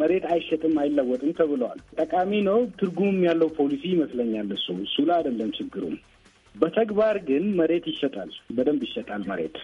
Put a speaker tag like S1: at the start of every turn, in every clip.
S1: መሬት አይሸጥም አይለወጥም ተብለዋል። ጠቃሚ ነው ትርጉም ያለው ፖሊሲ ይመስለኛል። እሱ እሱ ላይ አይደለም ችግሩ። በተግባር ግን መሬት ይሸጣል፣ በደንብ ይሸጣል መሬት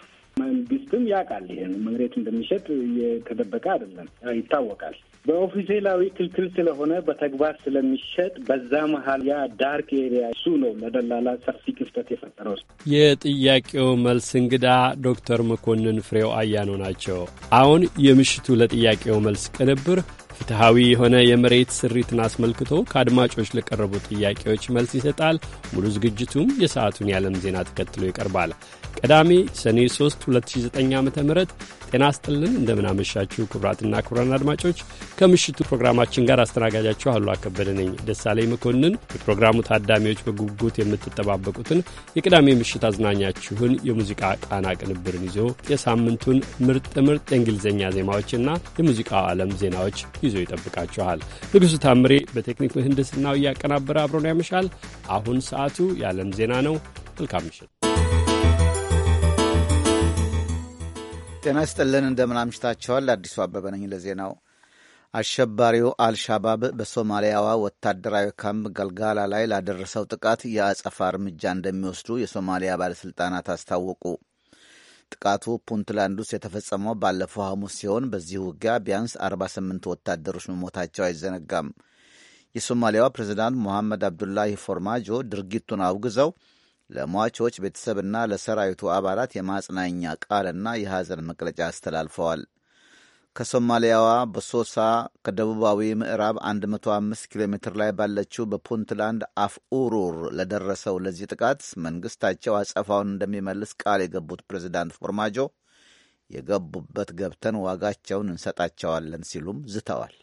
S1: መንግስትም ያውቃል ይህን መሬት እንደሚሸጥ የተደበቀ አይደለም፣ ይታወቃል። በኦፊሴላዊ ክልክል ስለሆነ በተግባር ስለሚሸጥ በዛ መሀል ያ ዳርክ ኤሪያ እሱ ነው ለደላላ ሰፊ ክፍተት የፈጠረው።
S2: የጥያቄው መልስ እንግዳ ዶክተር መኮንን ፍሬው አያኖ ናቸው። አሁን የምሽቱ ለጥያቄው መልስ ቅንብር ፍትሐዊ የሆነ የመሬት ስሪትን አስመልክቶ ከአድማጮች ለቀረቡ ጥያቄዎች መልስ ይሰጣል። ሙሉ ዝግጅቱም የሰዓቱን የዓለም ዜና ተከትሎ ይቀርባል። ቅዳሜ ሰኔ 3 2009 ዓ ም ጤና ስጥልን። እንደምናመሻችሁ ክቡራትና ክቡራን አድማጮች ከምሽቱ ፕሮግራማችን ጋር አስተናጋጃችሁ አሉ አከበደ ነኝ። ደሳለኝ መኮንን የፕሮግራሙ ታዳሚዎች በጉጉት የምትጠባበቁትን የቅዳሜ ምሽት አዝናኛችሁን የሙዚቃ ቃና ቅንብርን ይዞ የሳምንቱን ምርጥ ምርጥ የእንግሊዝኛ ዜማዎችና የሙዚቃው ዓለም ዜናዎች ይዞ ይጠብቃችኋል። ንጉሡ ታምሬ በቴክኒክ ምህንድስናው እያቀናበረ አብሮን ያመሻል። አሁን ሰዓቱ የዓለም ዜና ነው። መልካም ምሽት።
S3: ጤና ይስጥልን እንደምን አምሽታችኋል። አዲሱ አበበ ነኝ። ለዜናው አሸባሪው አልሻባብ በሶማሊያዋ ወታደራዊ ካምፕ ገልጋላ ላይ ላደረሰው ጥቃት የአጸፋ እርምጃ እንደሚወስዱ የሶማሊያ ባለሥልጣናት አስታወቁ። ጥቃቱ ፑንትላንድ ውስጥ የተፈጸመው ባለፈው ሐሙስ ሲሆን በዚህ ውጊያ ቢያንስ 48 ወታደሮች መሞታቸው አይዘነጋም። የሶማሊያዋ ፕሬዚዳንት ሞሐመድ አብዱላሂ ፎርማጆ ድርጊቱን አውግዘው ለሟቾች ቤተሰብና ለሰራዊቱ አባላት የማጽናኛ ቃልና የሐዘን መግለጫ አስተላልፈዋል። ከሶማሊያዋ በሶሳ ከደቡባዊ ምዕራብ 105 ኪሎ ሜትር ላይ ባለችው በፑንትላንድ አፍ ኡሩር ለደረሰው ለዚህ ጥቃት መንግሥታቸው አጸፋውን እንደሚመልስ ቃል የገቡት ፕሬዚዳንት ፎርማጆ የገቡበት ገብተን ዋጋቸውን እንሰጣቸዋለን ሲሉም ዝተዋል።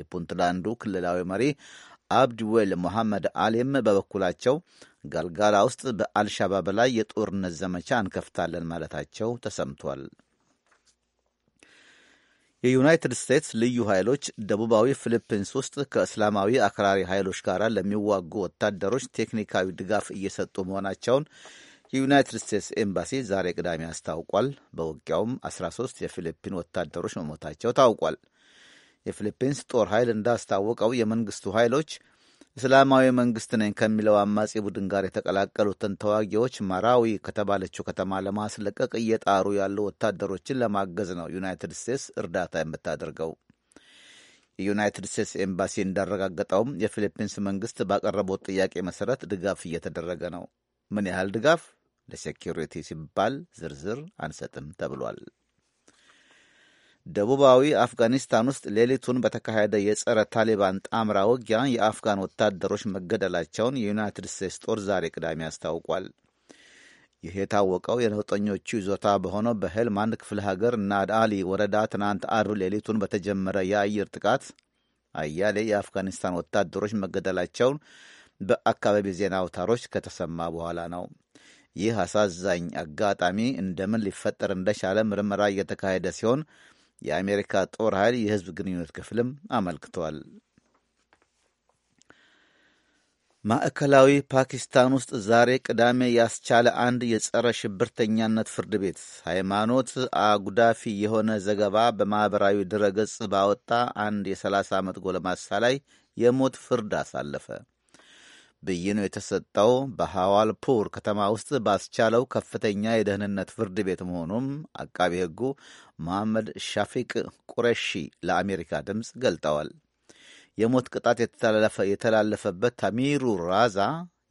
S3: የፑንትላንዱ ክልላዊ መሪ አብድ ዌል ሞሐመድ አሌም በበኩላቸው ጋልጋላ ውስጥ በአልሻባብ ላይ የጦርነት ዘመቻ እንከፍታለን ማለታቸው ተሰምቷል። የዩናይትድ ስቴትስ ልዩ ኃይሎች ደቡባዊ ፊሊፒንስ ውስጥ ከእስላማዊ አክራሪ ኃይሎች ጋር ለሚዋጉ ወታደሮች ቴክኒካዊ ድጋፍ እየሰጡ መሆናቸውን የዩናይትድ ስቴትስ ኤምባሲ ዛሬ ቅዳሜ አስታውቋል። በውጊያውም 13 የፊሊፒን ወታደሮች መሞታቸው ታውቋል። የፊሊፒንስ ጦር ኃይል እንዳስታወቀው የመንግስቱ ኃይሎች እስላማዊ መንግስት ነኝ ከሚለው አማጺ ቡድን ጋር የተቀላቀሉትን ተዋጊዎች ማራዊ ከተባለችው ከተማ ለማስለቀቅ እየጣሩ ያሉ ወታደሮችን ለማገዝ ነው ዩናይትድ ስቴትስ እርዳታ የምታደርገው። የዩናይትድ ስቴትስ ኤምባሲ እንዳረጋገጠውም የፊሊፒንስ መንግስት ባቀረበው ጥያቄ መሰረት ድጋፍ እየተደረገ ነው። ምን ያህል ድጋፍ ለሴኪሪቲ ሲባል ዝርዝር አንሰጥም ተብሏል። ደቡባዊ አፍጋኒስታን ውስጥ ሌሊቱን በተካሄደ የጸረ ታሊባን ጣምራ ውጊያ የአፍጋን ወታደሮች መገደላቸውን የዩናይትድ ስቴትስ ጦር ዛሬ ቅዳሜ አስታውቋል። ይህ የታወቀው የነውጠኞቹ ይዞታ በሆነው በሄልማንድ ክፍለ ሀገር ናድአሊ ወረዳ ትናንት አርብ ሌሊቱን በተጀመረ የአየር ጥቃት አያሌ የአፍጋኒስታን ወታደሮች መገደላቸውን በአካባቢ ዜና አውታሮች ከተሰማ በኋላ ነው። ይህ አሳዛኝ አጋጣሚ እንደምን ሊፈጠር እንደቻለ ምርመራ እየተካሄደ ሲሆን የአሜሪካ ጦር ኃይል የህዝብ ግንኙነት ክፍልም አመልክቷል። ማዕከላዊ ፓኪስታን ውስጥ ዛሬ ቅዳሜ ያስቻለ አንድ የጸረ ሽብርተኛነት ፍርድ ቤት ሃይማኖት አጉዳፊ የሆነ ዘገባ በማኅበራዊ ድረገጽ ባወጣ አንድ የ30 ዓመት ጎልማሳ ላይ የሞት ፍርድ አሳለፈ። ብይኑ የተሰጠው በሐዋልፑር ከተማ ውስጥ ባስቻለው ከፍተኛ የደህንነት ፍርድ ቤት መሆኑም አቃቢ ሕጉ መሐመድ ሻፊቅ ቁረሺ ለአሜሪካ ድምፅ ገልጠዋል። የሞት ቅጣት የተላለፈበት ታሚሩ ራዛ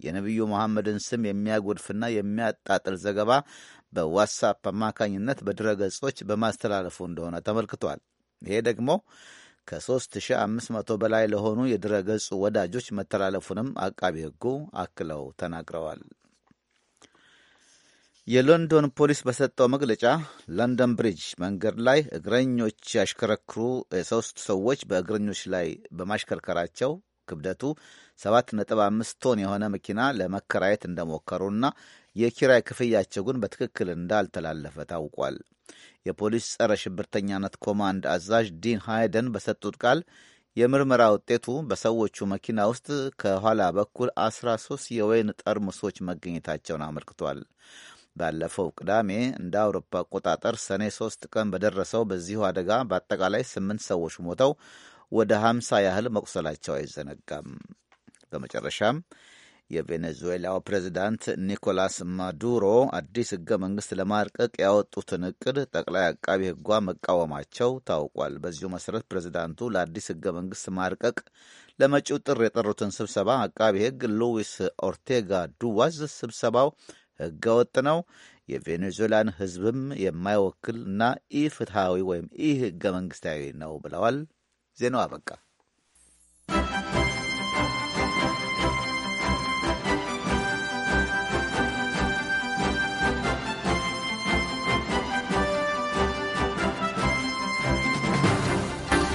S3: የነቢዩ መሐመድን ስም የሚያጎድፍና የሚያጣጥል ዘገባ በዋትሳፕ አማካኝነት በድረ ገጾች በማስተላለፉ እንደሆነ ተመልክቷል። ይሄ ደግሞ ከ3500 በላይ ለሆኑ የድረ ገጹ ወዳጆች መተላለፉንም አቃቢ ሕጉ አክለው ተናግረዋል። የሎንዶን ፖሊስ በሰጠው መግለጫ ለንደን ብሪጅ መንገድ ላይ እግረኞች ያሽከረክሩ የሶስት ሰዎች በእግረኞች ላይ በማሽከርከራቸው ክብደቱ 7.5 ቶን የሆነ መኪና ለመከራየት እንደሞከሩና የኪራይ ክፍያቸው ግን በትክክል እንዳልተላለፈ ታውቋል። የፖሊስ ጸረ ሽብርተኛነት ኮማንድ አዛዥ ዲን ሃይደን በሰጡት ቃል የምርመራ ውጤቱ በሰዎቹ መኪና ውስጥ ከኋላ በኩል 13 የወይን ጠርሙሶች መገኘታቸውን አመልክቷል። ባለፈው ቅዳሜ እንደ አውሮፓ አቆጣጠር ሰኔ 3 ቀን በደረሰው በዚሁ አደጋ በአጠቃላይ 8 ሰዎች ሞተው ወደ 50 ያህል መቁሰላቸው አይዘነጋም። በመጨረሻም የቬኔዙዌላው ፕሬዚዳንት ኒኮላስ ማዱሮ አዲስ ህገ መንግስት ለማርቀቅ ያወጡትን እቅድ ጠቅላይ አቃቢ ህጓ መቃወማቸው ታውቋል። በዚሁ መሰረት ፕሬዚዳንቱ ለአዲስ ህገ መንግስት ማርቀቅ ለመጪው ጥር የጠሩትን ስብሰባ አቃቢ ህግ ሉዊስ ኦርቴጋ ዱዋዝ ስብሰባው ህገ ወጥ ነው፣ የቬኔዙዌላን ህዝብም የማይወክል እና ኢፍትሐዊ ወይም ኢ ህገ መንግስታዊ ነው ብለዋል። ዜናው አበቃ።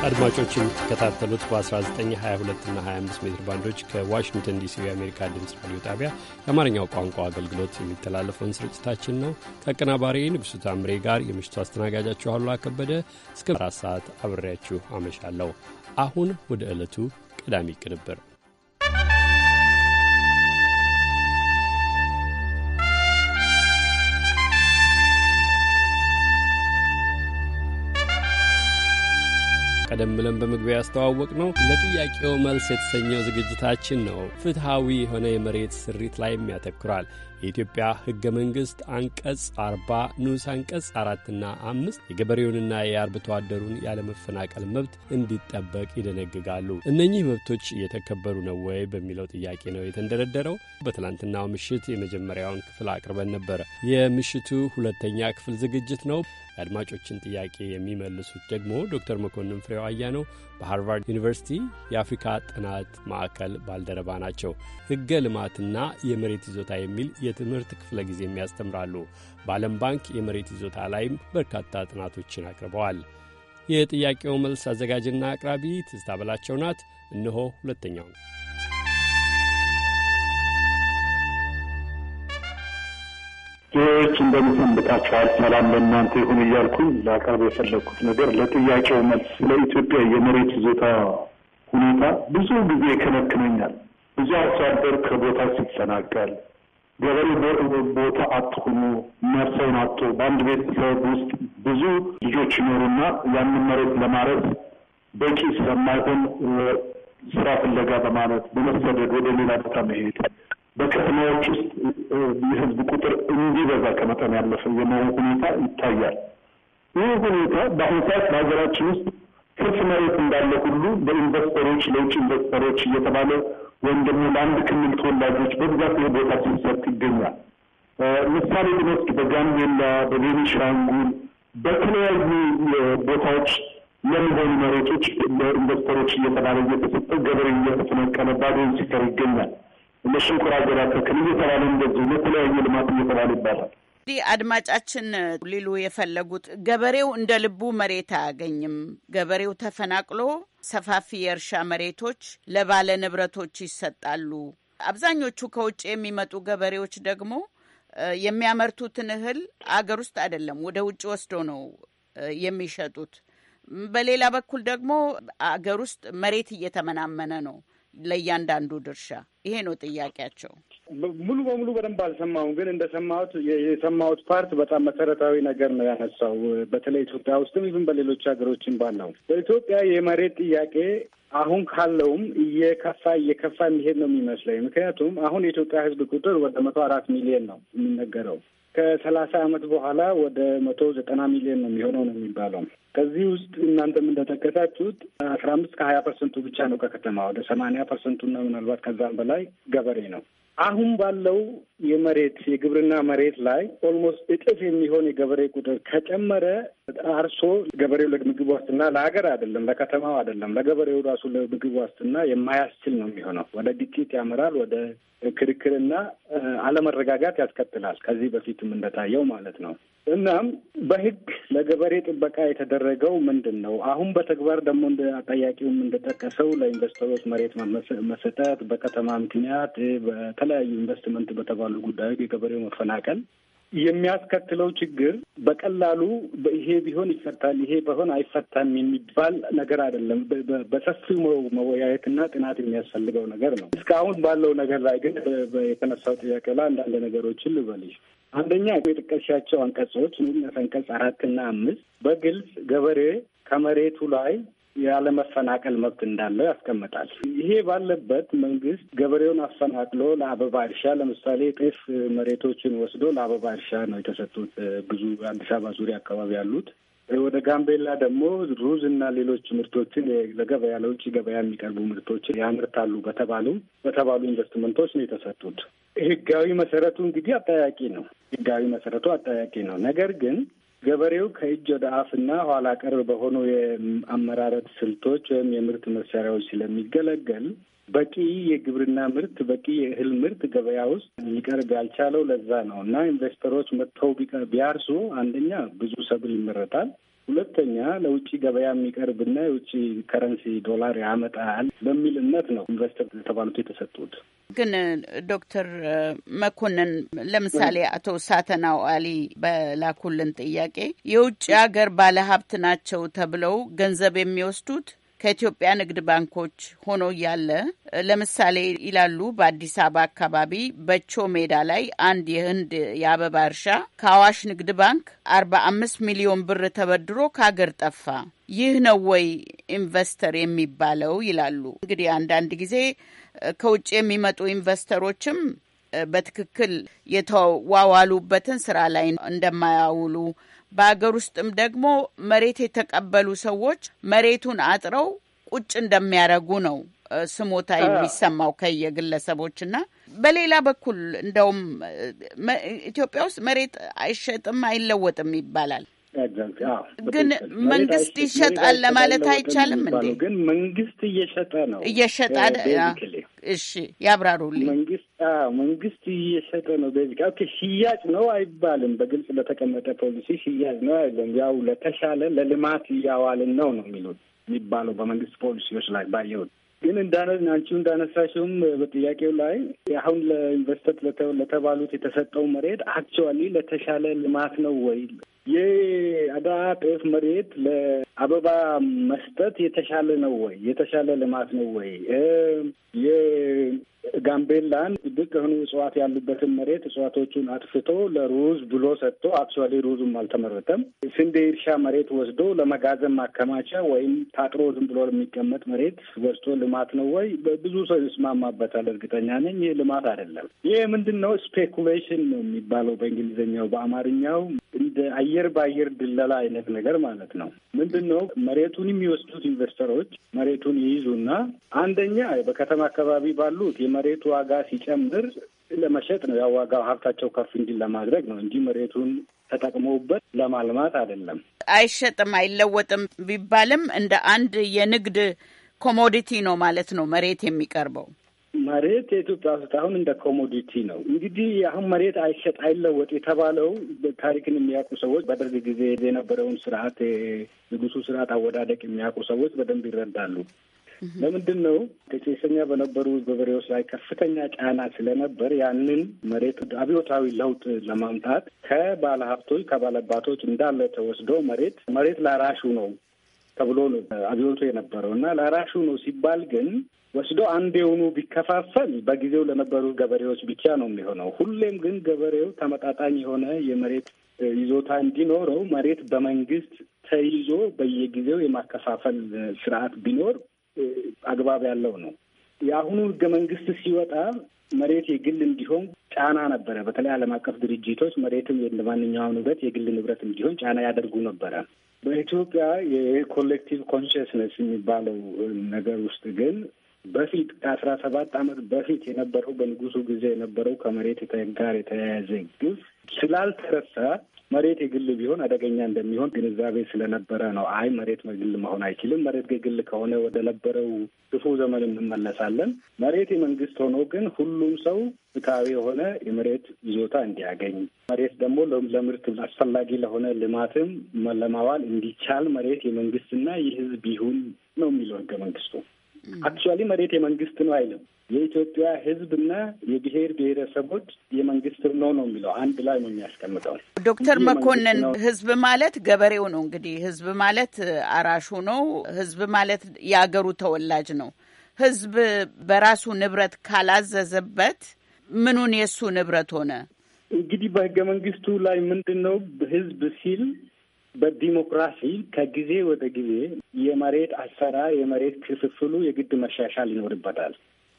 S2: አድማጮች የምትከታተሉት በ1922 እና 25 ሜትር ባንዶች ከዋሽንግተን ዲሲ የአሜሪካ ድምፅ ራዲዮ ጣቢያ የአማርኛው ቋንቋ አገልግሎት የሚተላለፈውን ስርጭታችን ነው። ከአቀናባሪ ንጉሡ ታምሬ ጋር የምሽቱ አስተናጋጃችሁ አሉ ከበደ እስከ አራት ሰዓት አብሬያችሁ አመሻለሁ። አሁን ወደ ዕለቱ ቀዳሚ ቅንብር ቀደም ብለን በመግቢያ ያስተዋወቅ ነው ለጥያቄው መልስ የተሰኘው ዝግጅታችን ነው። ፍትሐዊ የሆነ የመሬት ስሪት ላይም ያተኩራል። የኢትዮጵያ ሕገ መንግሥት አንቀጽ አርባ ንዑስ አንቀጽ አራትና አምስት የገበሬውንና የአርብቶ አደሩን ያለመፈናቀል መብት እንዲጠበቅ ይደነግጋሉ። እነኚህ መብቶች እየተከበሩ ነው ወይ በሚለው ጥያቄ ነው የተንደረደረው። በትላንትናው ምሽት የመጀመሪያውን ክፍል አቅርበን ነበር። የምሽቱ ሁለተኛ ክፍል ዝግጅት ነው። የአድማጮችን ጥያቄ የሚመልሱት ደግሞ ዶክተር መኮንን ፍሬው አያነው በሃርቫርድ ዩኒቨርሲቲ የአፍሪካ ጥናት ማዕከል ባልደረባ ናቸው። ሕገ ልማትና የመሬት ይዞታ የሚል የትምህርት ክፍለ ጊዜም ያስተምራሉ። በዓለም ባንክ የመሬት ይዞታ ላይም በርካታ ጥናቶችን አቅርበዋል። የጥያቄው መልስ አዘጋጅና አቅራቢ ትዝታ በላቸው ናት። እነሆ ሁለተኛው ነው።
S4: ዎች እንደምሰንብታችኋል ሰላም ለእናንተ ይሁን እያልኩኝ ለአቅርብ የፈለግኩት ነገር ለጥያቄው መልስ ለኢትዮጵያ የመሬት ይዞታ ሁኔታ ብዙ ጊዜ ይከነክነኛል። ብዙ አርሶ ከቦታ ሲፈናቀል፣ ገበሬ ቦታ አጥ ሆኖ ነፍሰውን አጥቶ በአንድ ቤተሰብ ውስጥ ብዙ ልጆች ይኖሩና ያንን መሬት ለማረስ በቂ ስለማይሆን ስራ ፍለጋ በማለት በመሰደድ ወደ ሌላ ቦታ መሄድ በከተማዎች ውስጥ የህዝብ ቁጥር እንዲበዛ ከመጠን ያለፈ የመሆን ሁኔታ ይታያል። ይህ ሁኔታ በአሁኑ ሰዓት በሀገራችን ውስጥ ትርፍ መሬት እንዳለ ሁሉ በኢንቨስተሮች ለውጭ ኢንቨስተሮች እየተባለ ወይም ደግሞ ለአንድ ክልል ተወላጆች በብዛት ይህ ቦታ ሲሰጥ ይገኛል። ምሳሌ ብንወስድ በጋምቤላ፣ በቤኒሻንጉል በተለያዩ ቦታዎች ለሚሆኑ መሬቶች ለኢንቨስተሮች እየተባለ እየተሰጠ ገበሬ እየተፈነቀለ ባዶውን ሲቀር ይገኛል። እነ ሽንኩራ አዘባከክል እየተባለ እንደዚህ ለተለያየ ልማት እየተባለ ይባላል።
S5: እንግዲህ አድማጫችን ሊሉ የፈለጉት ገበሬው እንደ ልቡ መሬት አያገኝም። ገበሬው ተፈናቅሎ ሰፋፊ የእርሻ መሬቶች ለባለ ንብረቶች ይሰጣሉ። አብዛኞቹ ከውጭ የሚመጡ ገበሬዎች ደግሞ የሚያመርቱትን እህል አገር ውስጥ አይደለም ወደ ውጭ ወስዶ ነው የሚሸጡት። በሌላ በኩል ደግሞ አገር ውስጥ መሬት እየተመናመነ ነው። ለእያንዳንዱ ድርሻ? ይሄ ነው ጥያቄያቸው።
S1: ሙሉ በሙሉ በደንብ አልሰማሁም፣ ግን እንደሰማሁት የሰማሁት ፓርት በጣም መሰረታዊ ነገር ነው ያነሳው። በተለይ ኢትዮጵያ ውስጥም ይሁን በሌሎች ሀገሮችም ባለው በኢትዮጵያ የመሬት ጥያቄ አሁን ካለውም እየከፋ እየከፋ የሚሄድ ነው የሚመስለኝ። ምክንያቱም አሁን የኢትዮጵያ ሕዝብ ቁጥር ወደ መቶ አራት ሚሊዮን ነው የሚነገረው። ከሰላሳ ዓመት በኋላ ወደ መቶ ዘጠና ሚሊዮን ነው የሚሆነው ነው የሚባለው። ከዚህ ውስጥ እናንተም እንደጠቀሳችሁት አስራ አምስት ከሀያ ፐርሰንቱ ብቻ ነው ከከተማ ወደ ሰማንያ ፐርሰንቱና ምናልባት ከዛም በላይ ገበሬ ነው። አሁን ባለው የመሬት የግብርና መሬት ላይ ኦልሞስት እጥፍ የሚሆን የገበሬ ቁጥር ከጨመረ አርሶ ገበሬው ለምግብ ዋስትና ለሀገር አይደለም ለከተማው አይደለም ለገበሬው ራሱ ለምግብ ዋስትና የማያስችል ነው የሚሆነው። ወደ ግጭት ያመራል፣ ወደ ክርክርና አለመረጋጋት ያስከትላል። ከዚህ በፊትም እንደታየው ማለት ነው። እናም በህግ ለገበሬ ጥበቃ የተደረገው ምንድን ነው? አሁን በተግባር ደግሞ እንደ አጠያቂውም እንደጠቀሰው ለኢንቨስተሮች መሬት መሰጠት በከተማ ምክንያት በተለያዩ ኢንቨስትመንት በተባሉ ይሆናሉ ጉዳዩ የገበሬው መፈናቀል የሚያስከትለው ችግር በቀላሉ ይሄ ቢሆን ይፈታል፣ ይሄ በሆን አይፈታም የሚባል ነገር አይደለም። በሰፊው መወያየትና ጥናት የሚያስፈልገው ነገር ነው። እስካሁን ባለው ነገር ላይ ግን የተነሳው ጥያቄ ላይ አንዳንድ ነገሮችን ልበልሽ። አንደኛ የጥቀሻቸው አንቀጾች ወይም አንቀጽ አራትና አምስት በግልጽ ገበሬ ከመሬቱ ላይ ያለመፈናቀል መብት እንዳለው ያስቀምጣል። ይሄ ባለበት መንግስት ገበሬውን አፈናቅሎ ለአበባ እርሻ ለምሳሌ ጤፍ መሬቶችን ወስዶ ለአበባ እርሻ ነው የተሰጡት ብዙ አዲስ አበባ ዙሪያ አካባቢ ያሉት። ወደ ጋምቤላ ደግሞ ሩዝ እና ሌሎች ምርቶችን ለገበያ ለውጭ ገበያ የሚቀርቡ ምርቶችን ያምርታሉ በተባሉ በተባሉ ኢንቨስትመንቶች ነው የተሰጡት። ህጋዊ መሰረቱ እንግዲህ አጠያቂ ነው። ህጋዊ መሰረቱ አጠያቂ ነው። ነገር ግን ገበሬው ከእጅ ወደ አፍና ኋላ ቀር በሆኑ የአመራረት ስልቶች ወይም የምርት መሳሪያዎች ስለሚገለገል በቂ የግብርና ምርት በቂ የእህል ምርት ገበያ ውስጥ ሊቀርብ ያልቻለው ለዛ ነው እና ኢንቨስተሮች መጥተው ቢያርሱ አንደኛ ብዙ ሰብል ይመረታል። ሁለተኛ ለውጭ ገበያ የሚቀርብና የውጭ ከረንሲ ዶላር ያመጣል በሚል እምነት ነው ኢንቨስተር የተባሉት
S5: የተሰጡት። ግን ዶክተር መኮንን ለምሳሌ አቶ ሳተናው አሊ በላኩልን ጥያቄ የውጭ ሀገር ባለሀብት ናቸው ተብለው ገንዘብ የሚወስዱት ከኢትዮጵያ ንግድ ባንኮች ሆኖ እያለ ለምሳሌ ይላሉ በአዲስ አበባ አካባቢ በቾ ሜዳ ላይ አንድ የህንድ የአበባ እርሻ ከአዋሽ ንግድ ባንክ አርባ አምስት ሚሊዮን ብር ተበድሮ ከሀገር ጠፋ። ይህ ነው ወይ ኢንቨስተር የሚባለው ይላሉ። እንግዲህ አንዳንድ ጊዜ ከውጭ የሚመጡ ኢንቨስተሮችም በትክክል የተዋዋሉበትን ስራ ላይ እንደማያውሉ በአገር ውስጥም ደግሞ መሬት የተቀበሉ ሰዎች መሬቱን አጥረው ቁጭ እንደሚያደርጉ ነው ስሞታ የሚሰማው ከየግለሰቦች እና በሌላ በኩል እንደውም ኢትዮጵያ ውስጥ መሬት አይሸጥም አይለወጥም ይባላል። Ah, ግን መንግስት ይሸጣል ለማለት አይቻልም እንዴ? ግን መንግስት እየሸጠ ነው እየሸጠ እሺ፣
S1: ያብራሩልኝ። መንግስት መንግስት እየሸጠ ነው። ቤዚካ ሽያጭ ነው አይባልም። በግልጽ ለተቀመጠ ፖሊሲ ሽያጭ ነው አይለም። ያው ለተሻለ ለልማት እያዋልን ነው ነው የሚሉት የሚባለው በመንግስት ፖሊሲዎች ላይ ባየሁት ግን እንዳነ አንቺ እንዳነሳሽውም በጥያቄው ላይ አሁን ለኢንቨስተር ለተባሉት የተሰጠው መሬት አክቹዋሊ ለተሻለ ልማት ነው ወይ የአድዋ ጤፍ መሬት ለአበባ መስጠት የተሻለ ነው ወይ? የተሻለ ልማት ነው ወይ? የጋምቤላን ድቅ የሆኑ እጽዋት ያሉበትን መሬት እጽዋቶቹን አጥፍቶ ለሩዝ ብሎ ሰጥቶ አክቹዋሊ ሩዙም አልተመረተም። ስንዴ እርሻ መሬት ወስዶ ለመጋዘን ማከማቻ ወይም ታጥሮ ዝም ብሎ የሚቀመጥ መሬት ወስዶ ልማት ነው ወይ? ብዙ ሰው ይስማማበታል፣ እርግጠኛ ነኝ። ይህ ልማት አይደለም። ይህ ምንድን ነው? ስፔኩሌሽን ነው የሚባለው በእንግሊዝኛው። በአማርኛው እንደ አየር በአየር ድለላ አይነት ነገር ማለት ነው። ምንድን ነው መሬቱን የሚወስዱት ኢንቨስተሮች መሬቱን ይይዙና አንደኛ በከተማ አካባቢ ባሉት የመሬት ዋጋ ሲጨምር ለመሸጥ ነው። ያው ዋጋ ሀብታቸው ከፍ እንዲል ለማድረግ ነው እንጂ መሬቱን ተጠቅመውበት ለማልማት አይደለም።
S5: አይሸጥም፣ አይለወጥም ቢባልም እንደ አንድ የንግድ ኮሞዲቲ ነው ማለት ነው መሬት የሚቀርበው
S1: መሬት የኢትዮጵያ ውስጥ አሁን እንደ ኮሞዲቲ ነው። እንግዲህ አሁን መሬት አይሸጥ አይለወጥ የተባለው ታሪክን የሚያውቁ ሰዎች በደርግ ጊዜ የነበረውን ስርዓት ንጉሱ ስርዓት አወዳደቅ የሚያውቁ ሰዎች በደንብ ይረዳሉ። ለምንድን ነው ቄሰኛ በነበሩ ገበሬዎች ላይ ከፍተኛ ጫና ስለነበር ያንን መሬት አብዮታዊ ለውጥ ለማምጣት ከባለ ሀብቶች ከባለባቶች እንዳለ ተወስዶ መሬት መሬት ላራሹ ነው ተብሎ ነው አብዮቱ የነበረው እና ላራሹ ነው ሲባል ግን ወስዶ አንድ የሆኑ ቢከፋፈል በጊዜው ለነበሩ ገበሬዎች ብቻ ነው የሚሆነው። ሁሌም ግን ገበሬው ተመጣጣኝ የሆነ የመሬት ይዞታ እንዲኖረው መሬት በመንግስት ተይዞ በየጊዜው የማከፋፈል ስርዓት ቢኖር አግባብ ያለው ነው። የአሁኑ ህገ መንግስት ሲወጣ መሬት የግል እንዲሆን ጫና ነበረ። በተለይ ዓለም አቀፍ ድርጅቶች መሬትም ማንኛውም ንብረት የግል ንብረት እንዲሆን ጫና ያደርጉ ነበረ። በኢትዮጵያ የኮሌክቲቭ ኮንሽስነስ የሚባለው ነገር ውስጥ ግን በፊት ከአስራ ሰባት አመት በፊት የነበረው በንጉሱ ጊዜ የነበረው ከመሬት ጋር የተያያዘ ግፍ ስላልተረሳ መሬት የግል ቢሆን አደገኛ እንደሚሆን ግንዛቤ ስለነበረ ነው። አይ መሬት በግል መሆን አይችልም፣ መሬት የግል ከሆነ ወደ ነበረው ክፉ ዘመን እንመለሳለን። መሬት የመንግስት ሆኖ ግን ሁሉም ሰው ፍትሐዊ የሆነ የመሬት ይዞታ እንዲያገኝ፣ መሬት ደግሞ ለምርት አስፈላጊ ለሆነ ልማትም ለማዋል እንዲቻል መሬት የመንግስትና የህዝብ ይሁን ነው የሚለው ህገ መንግስቱ። አክቹዋሊ መሬት የመንግስት ነው አይልም። የኢትዮጵያ ህዝብና የብሔር ብሔረሰቦች የመንግስት ነው ነው የሚለው አንድ ላይ ነው የሚያስቀምጠው።
S5: ዶክተር መኮንን ህዝብ ማለት ገበሬው ነው እንግዲህ ህዝብ ማለት አራሹ ነው። ህዝብ ማለት የአገሩ ተወላጅ ነው። ህዝብ በራሱ ንብረት ካላዘዘበት ምኑን የእሱ ንብረት ሆነ?
S1: እንግዲህ በህገ መንግስቱ ላይ ምንድን ነው ህዝብ ሲል በዲሞክራሲ ከጊዜ ወደ ጊዜ የመሬት አሰራር፣ የመሬት ክፍፍሉ የግድ መሻሻል ይኖርበታል።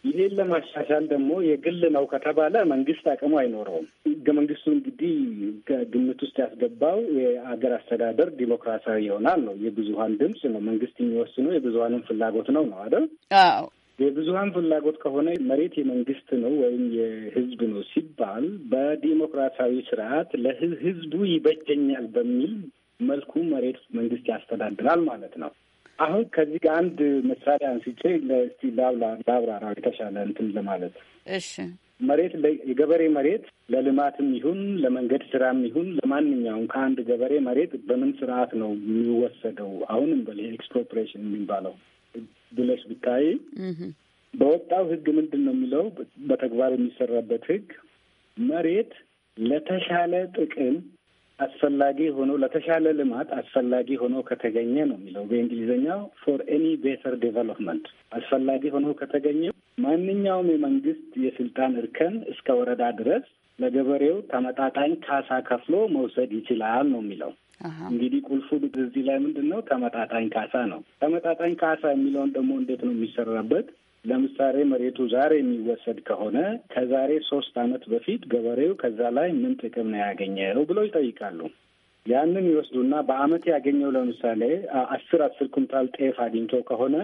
S1: ይህን ለማሻሻል ደግሞ የግል ነው ከተባለ መንግስት አቅሙ አይኖረውም። ህገ መንግስቱ እንግዲህ ከግምት ውስጥ ያስገባው የአገር አስተዳደር ዲሞክራሲያዊ ይሆናል ነው። የብዙሀን ድምፅ ነው። መንግስት የሚወስኑ የብዙሀንን ፍላጎት ነው ነው አይደል? አዎ። የብዙሀን ፍላጎት ከሆነ መሬት የመንግስት ነው ወይም የህዝብ ነው ሲባል በዲሞክራሲያዊ ስርዓት ለህዝቡ ይበጀኛል በሚል መልኩ መሬት መንግስት ያስተዳድራል ማለት ነው። አሁን ከዚህ ጋር አንድ መሳሪያ አንስቼ ለስቲ ላብራራ የተሻለ እንትን ለማለት እሺ። መሬት የገበሬ መሬት ለልማትም ይሁን ለመንገድ ስራም ይሁን ለማንኛውም ከአንድ ገበሬ መሬት በምን ስርዓት ነው የሚወሰደው? አሁንም በል ኤክስፕሮፕሬሽን የሚባለው ብለሽ ብታይ በወጣው ህግ ምንድን ነው የሚለው በተግባር የሚሰራበት ህግ መሬት ለተሻለ ጥቅም አስፈላጊ ሆኖ ለተሻለ ልማት አስፈላጊ ሆኖ ከተገኘ ነው የሚለው በእንግሊዝኛው ፎር ኤኒ ቤተር ዴቨሎፕመንት። አስፈላጊ ሆኖ ከተገኘ ማንኛውም የመንግስት የስልጣን እርከን እስከ ወረዳ ድረስ ለገበሬው ተመጣጣኝ ካሳ ከፍሎ መውሰድ ይችላል ነው የሚለው። እንግዲህ ቁልፉ እዚህ ላይ ምንድን ነው? ተመጣጣኝ ካሳ ነው። ተመጣጣኝ ካሳ የሚለውን ደግሞ እንዴት ነው የሚሰራበት? ለምሳሌ መሬቱ ዛሬ የሚወሰድ ከሆነ ከዛሬ ሶስት ዓመት በፊት ገበሬው ከዛ ላይ ምን ጥቅም ነው ያገኘው ብለው ይጠይቃሉ። ያንን ይወስዱና በአመት ያገኘው ለምሳሌ አስር አስር ኩንታል ጤፍ አግኝቶ ከሆነ